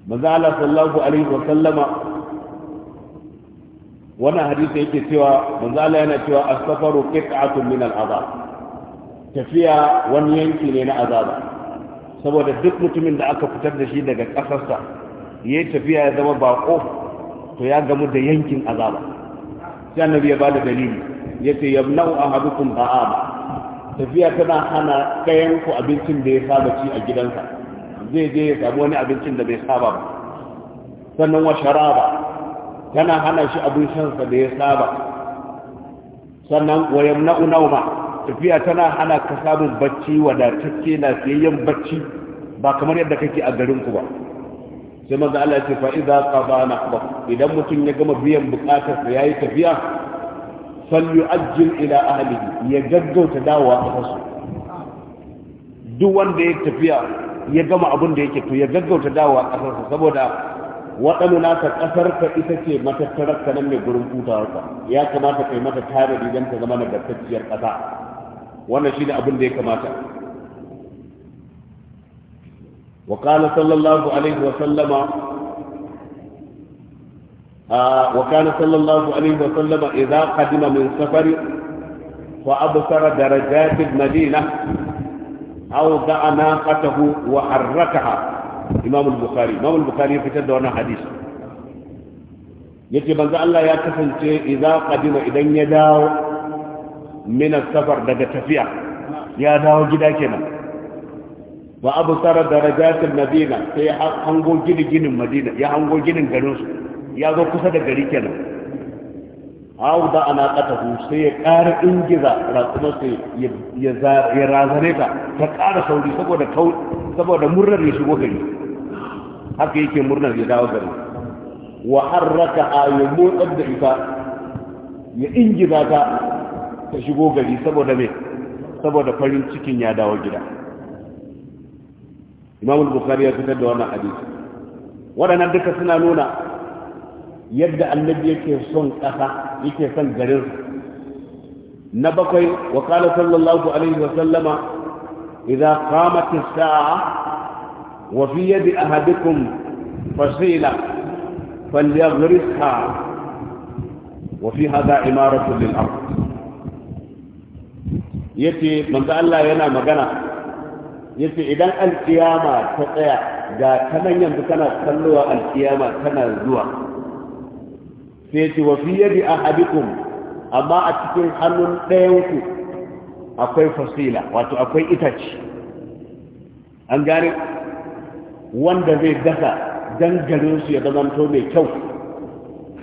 manzo Allah sallallahu alaihi wa sallama wannan hadisi yake cewa manzo Allah yana cewa as-safaru qit'atun min al-azab tafiya wani yanki ne na azaba saboda duk mutumin da aka fitar da shi daga kasarsa ya tafiya ya zama bako to ya gamu da yankin azaba sai annabi ya bada dalili yace yabna'u ahadukum ta'ama tafiya tana hana kayan ku abincin da ya saba ci a gidansa zai je ya samu wani abincin da bai saba ba sannan wa sharaba tana hana shi abin shansa da ya saba sannan wayan na'u nauma tafiya tana hana ka samun bacci wadatacce siyayyen bacci ba kamar yadda kake a garinku ba sai maza Allah ce fa idza qada nahba idan mutum ya gama biyan bukatar sa yayi tafiya fal yu'ajjil ila ahlihi ya gaggauta dawowa kasu duk wanda ya tafiya ya gama abin da yake to ya gaggauta dawowa kasu saboda waɗanda naka ƙasar ka ita ce matattarar ka nan mai gurin hutawar ka ya kamata kai mata tare da idan ta zama nagartacciyar ƙasa wannan shi ne abin da ya kamata وقال صلى الله عليه وسلم آه وكان صلى الله عليه وسلم إذا قدم من سفر فأبصر درجات المدينة أوضع ناقته وحركها imam al-bukhari imam bukhari ya fitar da wannan hadisi yace banza Allah ya kasance idza qadima idan ya dawo min safar daga tafiya ya dawo gida kenan wa abu absara nadina madina sai hango ginin madina ya hango ginin garin su ya zo kusa da gari kenan Hau da ana qatahu sai ya ƙara ingiza ratsuma sai ya ya razane ta ta ƙara sauri saboda murnar ya shigo gari haka yake murnar ya dawo gari wa harraka yi motsar da ita ya ingiza ta ta shigo gari saboda mai saboda farin cikin ya dawo gida imam al-bukhari ya fitar da wannan hadisi waɗannan duka suna nuna yadda annabi yake son ƙasa yake son garin na bakwai wa qala sallallahu alaihi wa sallama idza qamat as-sa'a wa fi yadi ahadikum fasila falyaghrisha wa fi hadha imaratu lil ard yace manzo Allah yana magana yace idan alkiyama ta tsaya ga kanan yanzu kana kallowa alkiyama kana zuwa sai ce wa fi yadi ahadikum amma a cikin hannun ɗayanku akwai fasila wato akwai itace an gane wanda zai gasa dangalin su ya zamanto mai kyau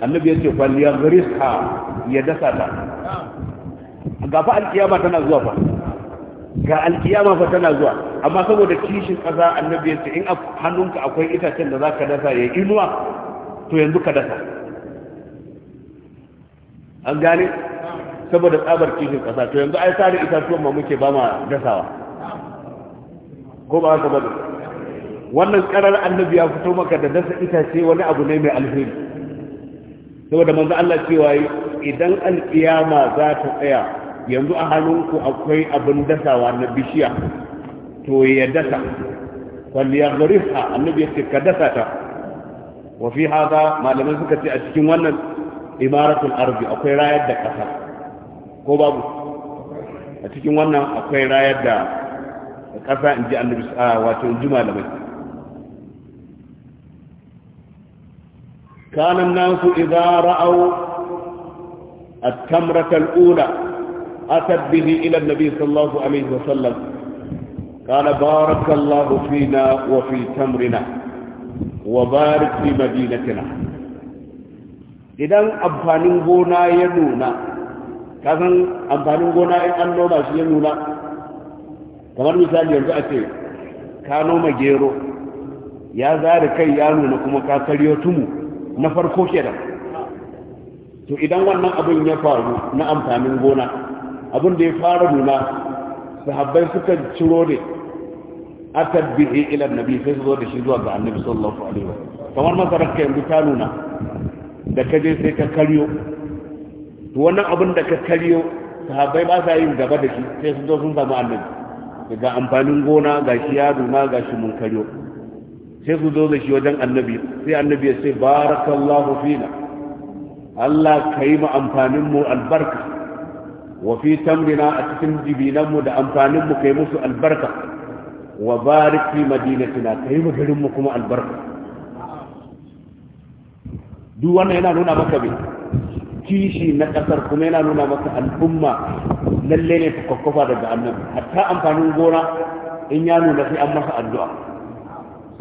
annabi ya ce kwalliyar rizka ya dasa ta ga fa alkiyama tana zuwa fa ga alkiyama fa tana zuwa amma saboda kishin ƙasa annabi ya ce in hannunka akwai itacen da za ka dasa ya inuwa to yanzu ka dasa an gane saboda tsabar kishin kasa to yanzu ai sare itatuwan ma muke ba ma dasawa ko ba haka bada wannan karar annabi ya fito maka da dasa itace wani abu ne mai alheri saboda manzo Allah cewa idan alkiyama za ta tsaya yanzu a hannunku akwai abin dasawa na bishiya to ya dasa falyaghrifha annabi ya ce ka dasa ta wa fi hada malamai suka ce a cikin wannan imaratul arzi akwai rayar da ƙasa ko babu a cikin wannan akwai rayar da ƙasa in ji annabi wato in ji malamai kanan nasu idza ra'aw at-tamrata al-ula atat bihi ila an-nabi sallallahu alaihi wa sallam قال بارك الله فينا وفي تمرنا وبارك في مدينتنا idan amfanin gona ya nuna kasan amfanin gona in an noma shi ya nuna kamar misali yanzu a ce ka noma gero ya zari kai ya nuna kuma ka karyo tumu na farko kenan to idan wannan abin ya faru na amfanin gona abin da ya fara nuna sahabbai suka ciro ne a tabbihi ilan nabi sai su zo da shi zuwa ga annabi sallallahu alaihi wa kamar masarar ka yanzu ta nuna da kaje sai ka karyo to wannan abin da ka karyo sahabbai ba sa yin gaba da shi sai sun zo sun samu annabi daga amfanin gona ga shi ya duma ga shi mun karyo sai su zo da shi wajen annabi sai annabi ya ce barakallahu fina Allah ka yi mu amfanin mu albarka wa fi tamrina a cikin jibinan mu da amfanin mu kai musu albarka wa barik fi madinatina kai mu garin mu kuma albarka duk wannan yana nuna maka bi, kishi na kasar kuma yana nuna maka al'umma lalle ne ta kwakwafa daga annabi hatta amfanin gona in ya nuna sai an masa addu'a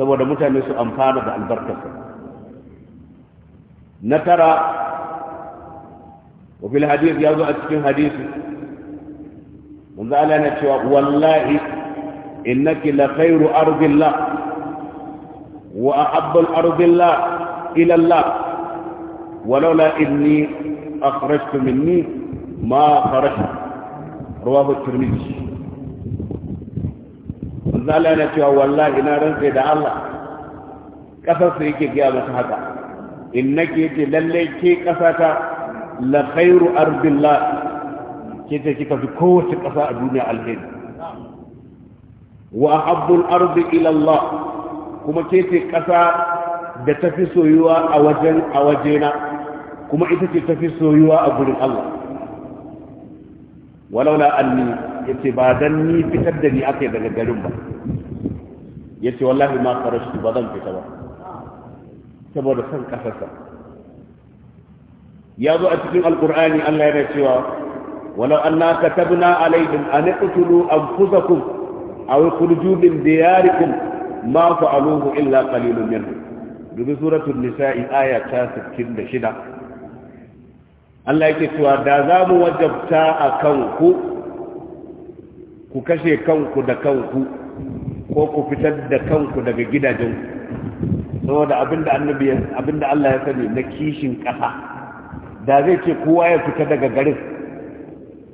saboda mutane su amfana da albarkarsa na tara wa fil ya zo a cikin hadisi manzo Allah yana cewa wallahi innaki la khairu ardillah wa ahabbu ardillah ila Allah ولولا إني أخرجت مني ما خرجت رواب الترميش ذالا نتوى والله إنا رنزي دع الله كفر سيك قيامة حتى إنك يتللي كي قفتا لخير أرض الله كي تشك في كوش قفاء دنيا الهين وأحب الأرض إلى الله كما كي تشك da ta fi soyuwa a wajen a wajena kuma ita ce ta fi soyuwa a gurin Allah walaula anni ce ba dan ni fitar da ni akai daga garin ba ya ce wallahi ma farashtu ba zan fita ba saboda son kasarsa ya zo a cikin alkur'ani Allah yana cewa walau an anna katabna alaihim an qutulu anfusakum aw khurju min diyarikum ma fa'aluhu illa qalilun minhum dubi suratul nisa'i aya ta 66 Allah yake cewa da za mu wajabta a kanku ku kashe kanku da kanku ko ku fitar da kanku daga gidajenku saboda abinda annabi abinda Allah ya sani na kishin ƙasa da zai ce kowa ya fita daga garin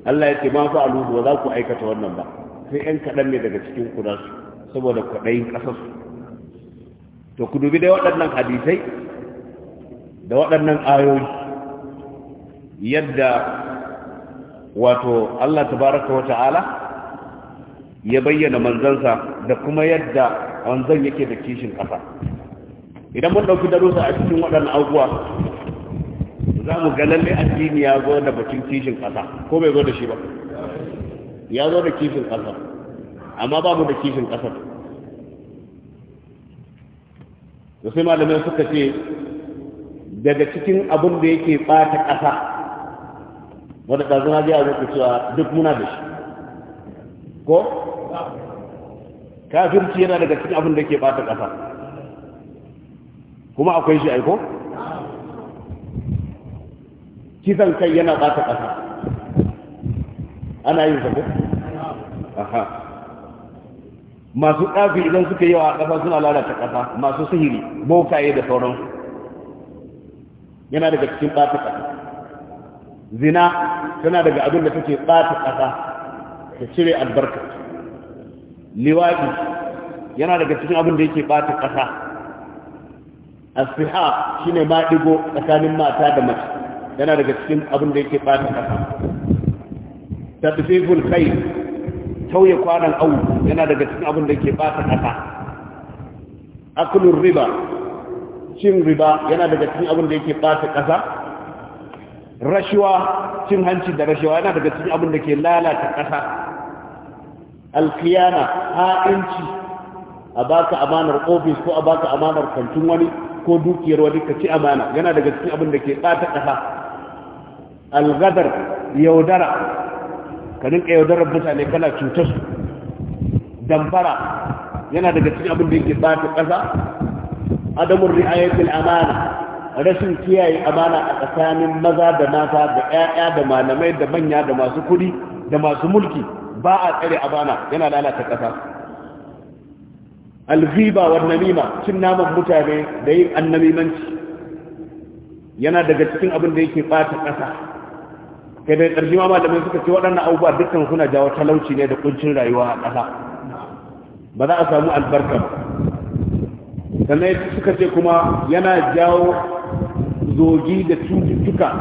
Allah ya ce ma fa alu ba za ku aikata wannan ba sai ɗan kaɗan ne daga cikin ku su saboda kwaɗayin ƙasarsu to ku dubi dai waɗannan hadisai da waɗannan ayoyi yadda wato Allah tabaraka wa ta'ala ya bayyana manzansa da kuma yadda manzan yake da kishin ƙasa idan mun ɗauki darussa a cikin waɗannan abubuwa za mu ga lalle addini ya zo da bakin kishin ƙasa ko bai zo da shi ba ya zo da kishin ƙasa amma ba mu da kishin ƙasa to sai malamai suka ce daga cikin abin da yake bata ƙasa wanda ɗazu na biya zai cewa duk muna da shi ko kafirci yana daga cikin abin da ke bata ƙasa kuma akwai shi aiko kisan kai yana bata ƙasa ana yin sako aha masu ƙafi idan suka yi wa ƙasa suna lalata ƙasa masu sihiri bokaye da sauransu yana daga cikin ɓata ƙasa zina tana daga abin da take ɓata ƙasa ta cire albarka liwaɗi yana daga cikin abin da yake ɓata ƙasa asiha shine maɗigo tsakanin mata da mace yana daga cikin abin da yake ɓata ƙasa tafsiful kai. tauye kwanan au yana daga cikin abin da ke bata ƙasa akulun riba cin riba yana daga cikin abin da yake bata ƙasa rashuwa cin hanci da rashuwa yana daga cikin abin da ke lalata ƙasa alkiyana ha'inci a baka amanar ofis ko a baka amanar kantin wani ko dukiyar wani ka ci amana yana daga cikin abin da ke bata ƙasa algadar yaudara ka rinka yaudarar mutane kana cutar su damfara yana daga cikin abin da yake bata ƙasa adamun ri'ayatul amana rashin kiyaye amana a tsakanin maza da mata da ƴaƴa da malamai da manya da masu kuɗi da masu mulki ba a tsare amana yana lalata ƙasa alghiba wa namima cin naman mutane da yin annamimanci yana daga cikin abin da yake bata ƙasa kai daga ƙarshe ma malamai suka ce waɗannan abubuwa dukkan suna jawo talauci ne da kuncin rayuwa a ƙasa ba za a samu albarka ba sannan suka ce kuma yana jawo zogi da cututtuka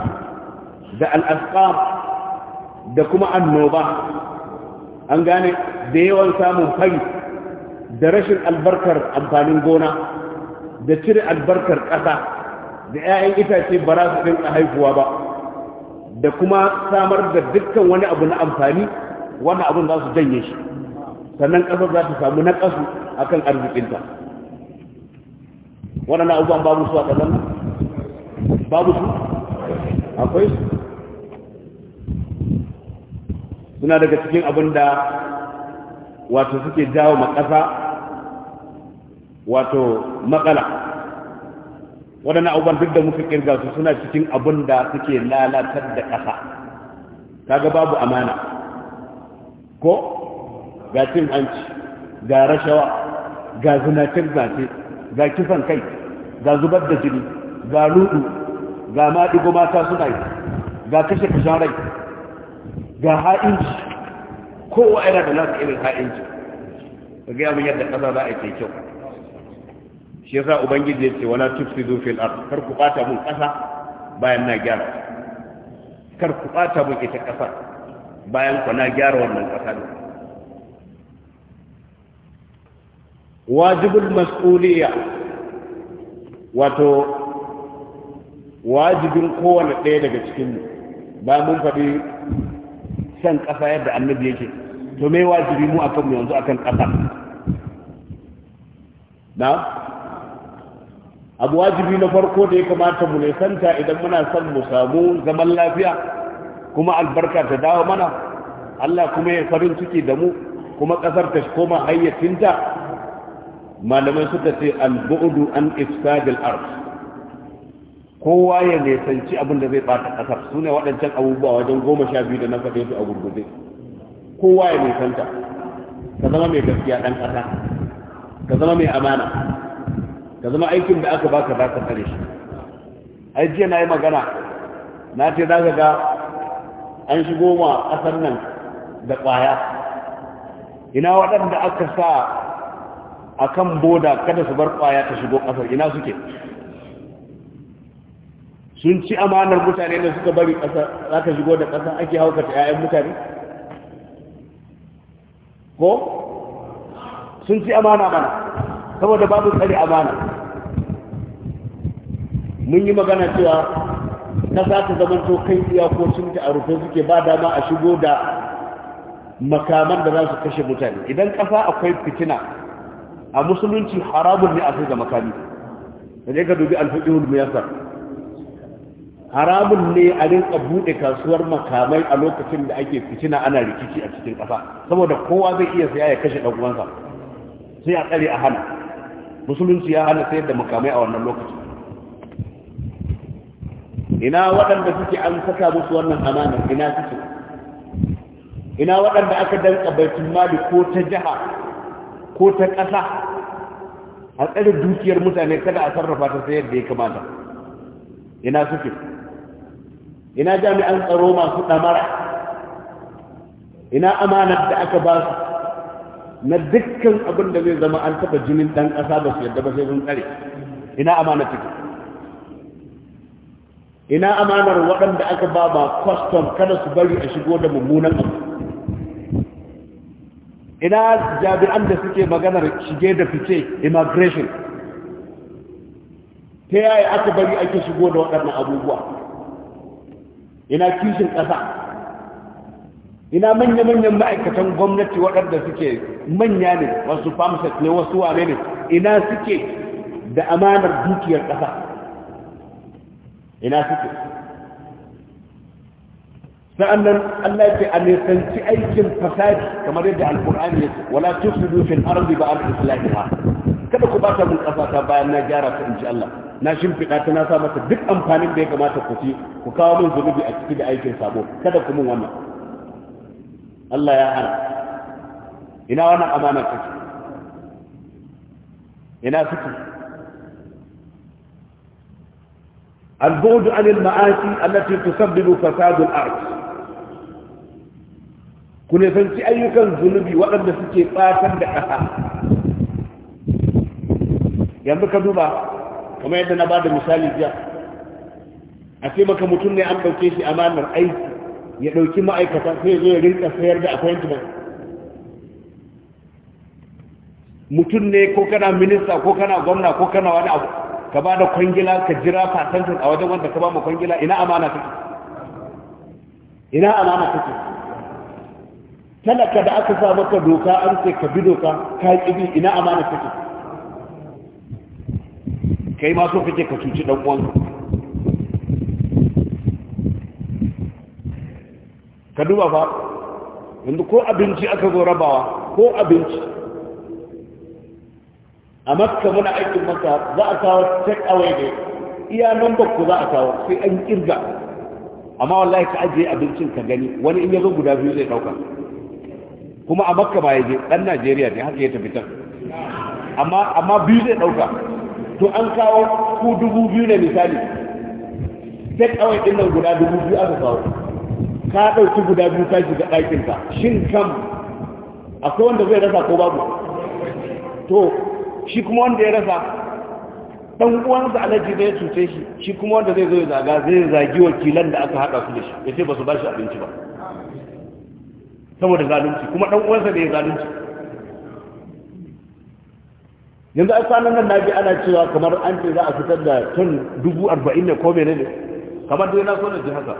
da al'asƙam da kuma annoba an gane da yawan samun fari da rashin albarkar amfanin gona da cire albarkar ƙasa da 'ya'yan itace ba za su ɗin ba da kuma samar da dukkan wani abu na amfani wani abin za su janye shi sannan ƙasar za ta samu na ƙasu a kan arzikinta waɗanda abubuwan babu su a ƙasar nan babu su akwai su suna daga cikin abin da wato suke jawo ma ƙasa wato matsala waɗannan abubuwan duk da muka kirga su suna cikin abin da suke lalatar da ƙasa kaga babu amana ko ga cin hanci ga rashawa ga zinacin zafi ga kisan kai ga zubar da jini ga rudu ga maɗigo mata suna yi ga kashe kashen rai ga ha'inci kowa yana da nasu irin ha'inci ga gaya yadda ƙasa za a yi kyau shi yasa ubangiji ya ce wala tufsidu fil ard kar ku bata mun kasa bayan na gyara kar ku bata mun ita kasa bayan ku na gyara wannan kasa ne wajibul mas'uliyya wato wajibin kowane ɗaya daga cikin mu ba mun faɗi san ƙasa yadda annabi yake to me wajibi mu akan mu yanzu akan ƙasa na abu wajibi na farko da ya kamata mu nisanta idan muna son mu samu zaman lafiya kuma albarka ta dawo mana Allah kuma ya farin ciki da mu kuma kasar ta koma hayyacinta malamai suka ce al-bu'du an ifsad al-ard kowa ya nisanci abin da zai bata kasar sune waɗancan abubuwa wajen goma sha biyu da na faɗe su a gurgurde kowa ya nisanta ka zama mai gaskiya ɗan ƙasa ka zama mai amana ka zama aikin da aka baka za ka tsare shi ai jiya na yi magana na ce za ka ga an shigo ma ƙasar nan da ƙwaya ina waɗanda aka sa a kan boda kada su bar ƙwaya ta shigo ƙasar ina suke sun ci amanar mutane da suka bari ƙasa za ka shigo da ƙasa ake haukata 'ya'yan mutane ko sun ci amana mana saboda babu tsari amana mun yi magana cewa ta za ta zama to kai iyakocin da a rufe suke ba dama a shigo da makaman da za su kashe mutane idan ƙasa akwai fitina a musulunci haramun ne a sai da makami da ka dubi alfi'ul miyasa haramun ne a rinka buɗe kasuwar makamai a lokacin da ake fitina ana rikici a cikin ƙasa saboda kowa zai iya saya ya kashe ɗan uwansa sai a tsare a hana musulunci ya hana sayar da makamai a wannan lokaci ina waɗanda suke an saka musu wannan amana ina suke ina waɗanda aka danka baitul mali ko ta jiha ko ta ƙasa a tsare dukiyar mutane kada a sarrafa ta sayar da ya kamata ina suke ina jami'an tsaro masu ɗamara ina amanar da aka ba su na dukkan abin da zai zama an taɓa jinin ɗan ƙasa ba su yadda ba sai sun tsare ina amanar take ina amanar waɗanda aka ba ba custom kada su bari a shigo da mummunan abu ina jabi'an da suke maganar shige da fice immigration ta yaya aka bari ake shigo da waɗannan abubuwa ina kishin ƙasa ina manya-manyan ma'aikatan gwamnati waɗanda suke manya ne wasu farmset ne wasu wane ne ina suke da amanar dukiyar ƙasa ina suke nan Allah ya ce a nisanci aikin fasadi kamar yadda alkur'ani ya ce wala tusidu fil ardi ba'da islahiha kada ku bata mun kasa ta bayan na gyara ta insha Allah na shimfiɗa ta na sa mata duk amfanin da ya kamata ku ci ku kawo min zunubi a ciki da aikin sabo kada ku mun wannan Allah ya hana ina wannan amana kake ina suke البعد عن المعاصي التي تسبب فساد الأرض كن يسنسي أيك الظلم وأن نسكي قاسا بأها yanzu ka duba kamar yadda na ba da misali jiya a ce mutum ne an ɗauke shi amanar aiki ya ɗauki ma'aikata sai ya zo ya rinka sayar da appointment mutum ne ko kana minista ko kana gwamna ko kana wani abu ka ba da kwangila ka jira fatantin a wajen wanda ka ba mu kwangila ina amana take ina amana take talaka da aka sa maka doka an ce ka bi doka ka yi bi ina amana take kai ma so kake ka cuci dan uwan ka duba fa yanzu ko abinci aka zo rabawa ko abinci a makka muna aikin maka za a kawo take away ne iya nan ku za a kawo sai an kirga amma wallahi ka ajiye abincin ka gani wani in ya guda biyu zai dauka kuma a makka ba yaje dan najeriya ne haka ya tafi ta amma amma biyu zai dauka to an kawo ku dubu biyu ne misali take away din nan guda dubu biyu aka kawo ka dauki guda biyu ka shiga ɗakin ka shin kam akwai wanda zai rasa ko babu to shi kuma wanda ya rasa dan uwansa alaji zai cuce shi shi kuma wanda zai zo zaga zai zagi wakilan da aka haɗa su da shi ya ce ba su ba shi abinci ba saboda zalunci kuma dan uwansa da ya zalunci yanzu a sanar nan na ana cewa kamar an ce za a fitar da ton dubu arba'in ne ko mene ne kamar dai na so na ji haka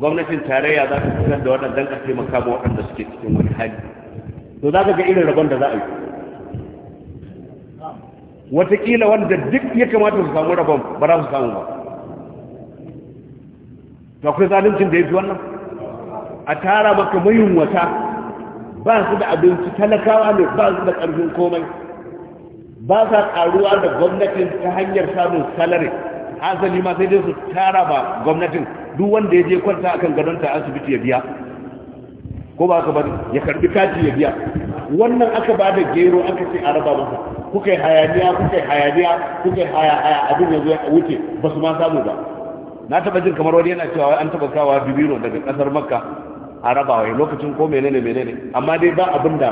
gwamnatin tarayya za ta fitar da wannan dan a taimaka ma waɗanda suke cikin wani hali to za ka ga irin rabon da za a yi Wataƙila wanda duk ya kamata su samu rabon ba za su samu ba to akwai zaluncin da ya fi wannan a tara maka wata, ba su da abinci talakawa ne ba su da ƙarfin komai ba sa ƙaruwa da gwamnatin ta hanyar samun salari hasali ma sai dai su tara ba gwamnatin duk wanda ya je kwanta akan ta asibiti ya biya ko ba ka bari ya karbi kati ya biya wannan aka ba da gero aka ce a raba masa kuka yi hayaniya kuka yi hayaniya kuka haya haya abin yanzu ya wuce ba su ma samu ba na taba jin kamar wani yana cewa an taba kawa bibiro daga kasar makka a raba wai lokacin ko menene menene amma dai ba abin da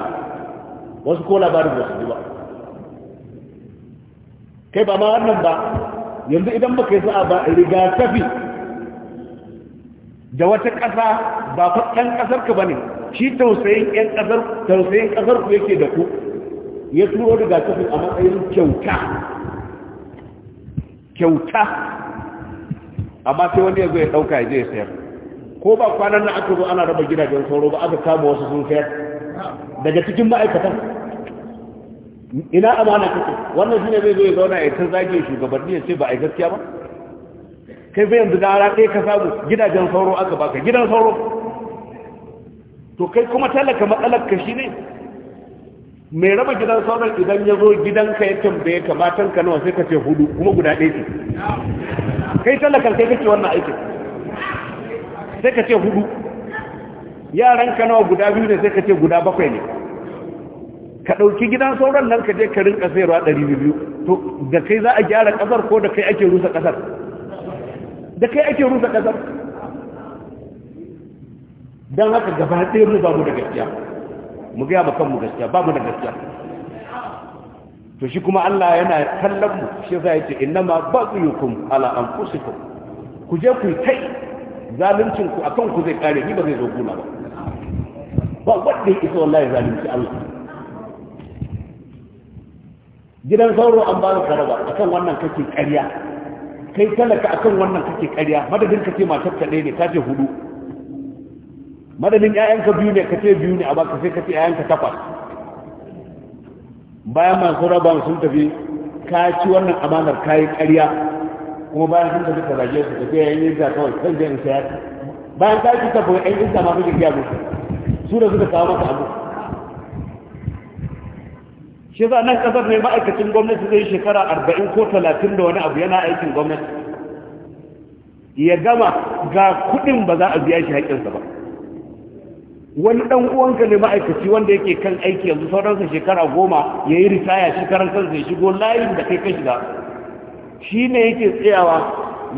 wasu ko labarin ba su ji ba kai ba ma wannan ba yanzu idan baka yi sa'a ba rigakafi da wata ƙasa ba fa ɗan ƙasar ka bane shi tausayin ƴan ƙasar tausayin ƙasar ku yake da ku ya turo kafi a matsayin kyauta kyauta amma sai wani ya zo ya ɗauka ya je ya sayar ko ba kwanan nan aka zo ana raba gidajen sauro ba aka kama wasu sun sayar daga cikin ma'aikatan ina amana kake wannan shine zai zo ya zauna ya ta zage shugabanni ya ce ba a gaskiya ba kai fa yanzu gara ɗaya ka samu gidajen sauro aka baka gidan sauro to kai kuma talaka matsalar ka shi ne mai raba gidan sauran idan ya zo gidanka ya tambaye ka matan ka nawa sai ka ce hudu kuma guda ɗaya ce kai talakan kai kake wannan aiki? sai ka ce hudu yaran ka nawa guda biyu ne sai ka ce guda bakwai ne ka ɗauki gidan sauran nan ka je ka rinka sayarwa ɗari biyu to da kai za a gyara ƙasar ko da kai ake rusa ƙasar da kai ake rusa kasar don haka gaba ɗaya mu ba mu da gaskiya mu gaya ba kanmu gaskiya ba mu da gaskiya to shi kuma Allah yana kallon mu shi yasa yace innama baghiyukum ala anfusikum ku je ku kai zalincin ku akan ku zai kare ni ba zai zo kuna ba ba wanda yake so wallahi zalunci Allah gidan sauro an ba ka karaba akan wannan kake ƙarya kai talaka akan wannan kake karya madadin kake ma matar ka ne ta ce hudu madadin ƴaƴanka biyu ne kace biyu ne a baka sai ka ƴaƴanka takwas bayan masu raba sun tafi ka ci wannan amanar kayi karya kuma bayan sun tafi ka su tafi yayin yin za kawai sai zai in sayar bayan ka ci tafi ƴan isa ma suke gyaru su da suka kawo maka abu shi za nan kasar ne ma'aikacin gwamnati zai shekara arba'in ko talatin da wani abu yana aikin gwamnati ya gama ga kuɗin ba za a biya shi haƙƙinsa ba wani ɗan uwanka ne ma'aikaci wanda yake kan aiki yanzu sauransa shekara goma ya yi ritaya shekarar kansa ya shigo layin da kai ka shiga shi ne yake tsayawa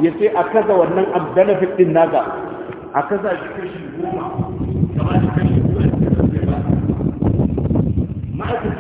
ya sai a kaza wannan benefit ɗin naga, a kaza shi kashi goma ma'aikaci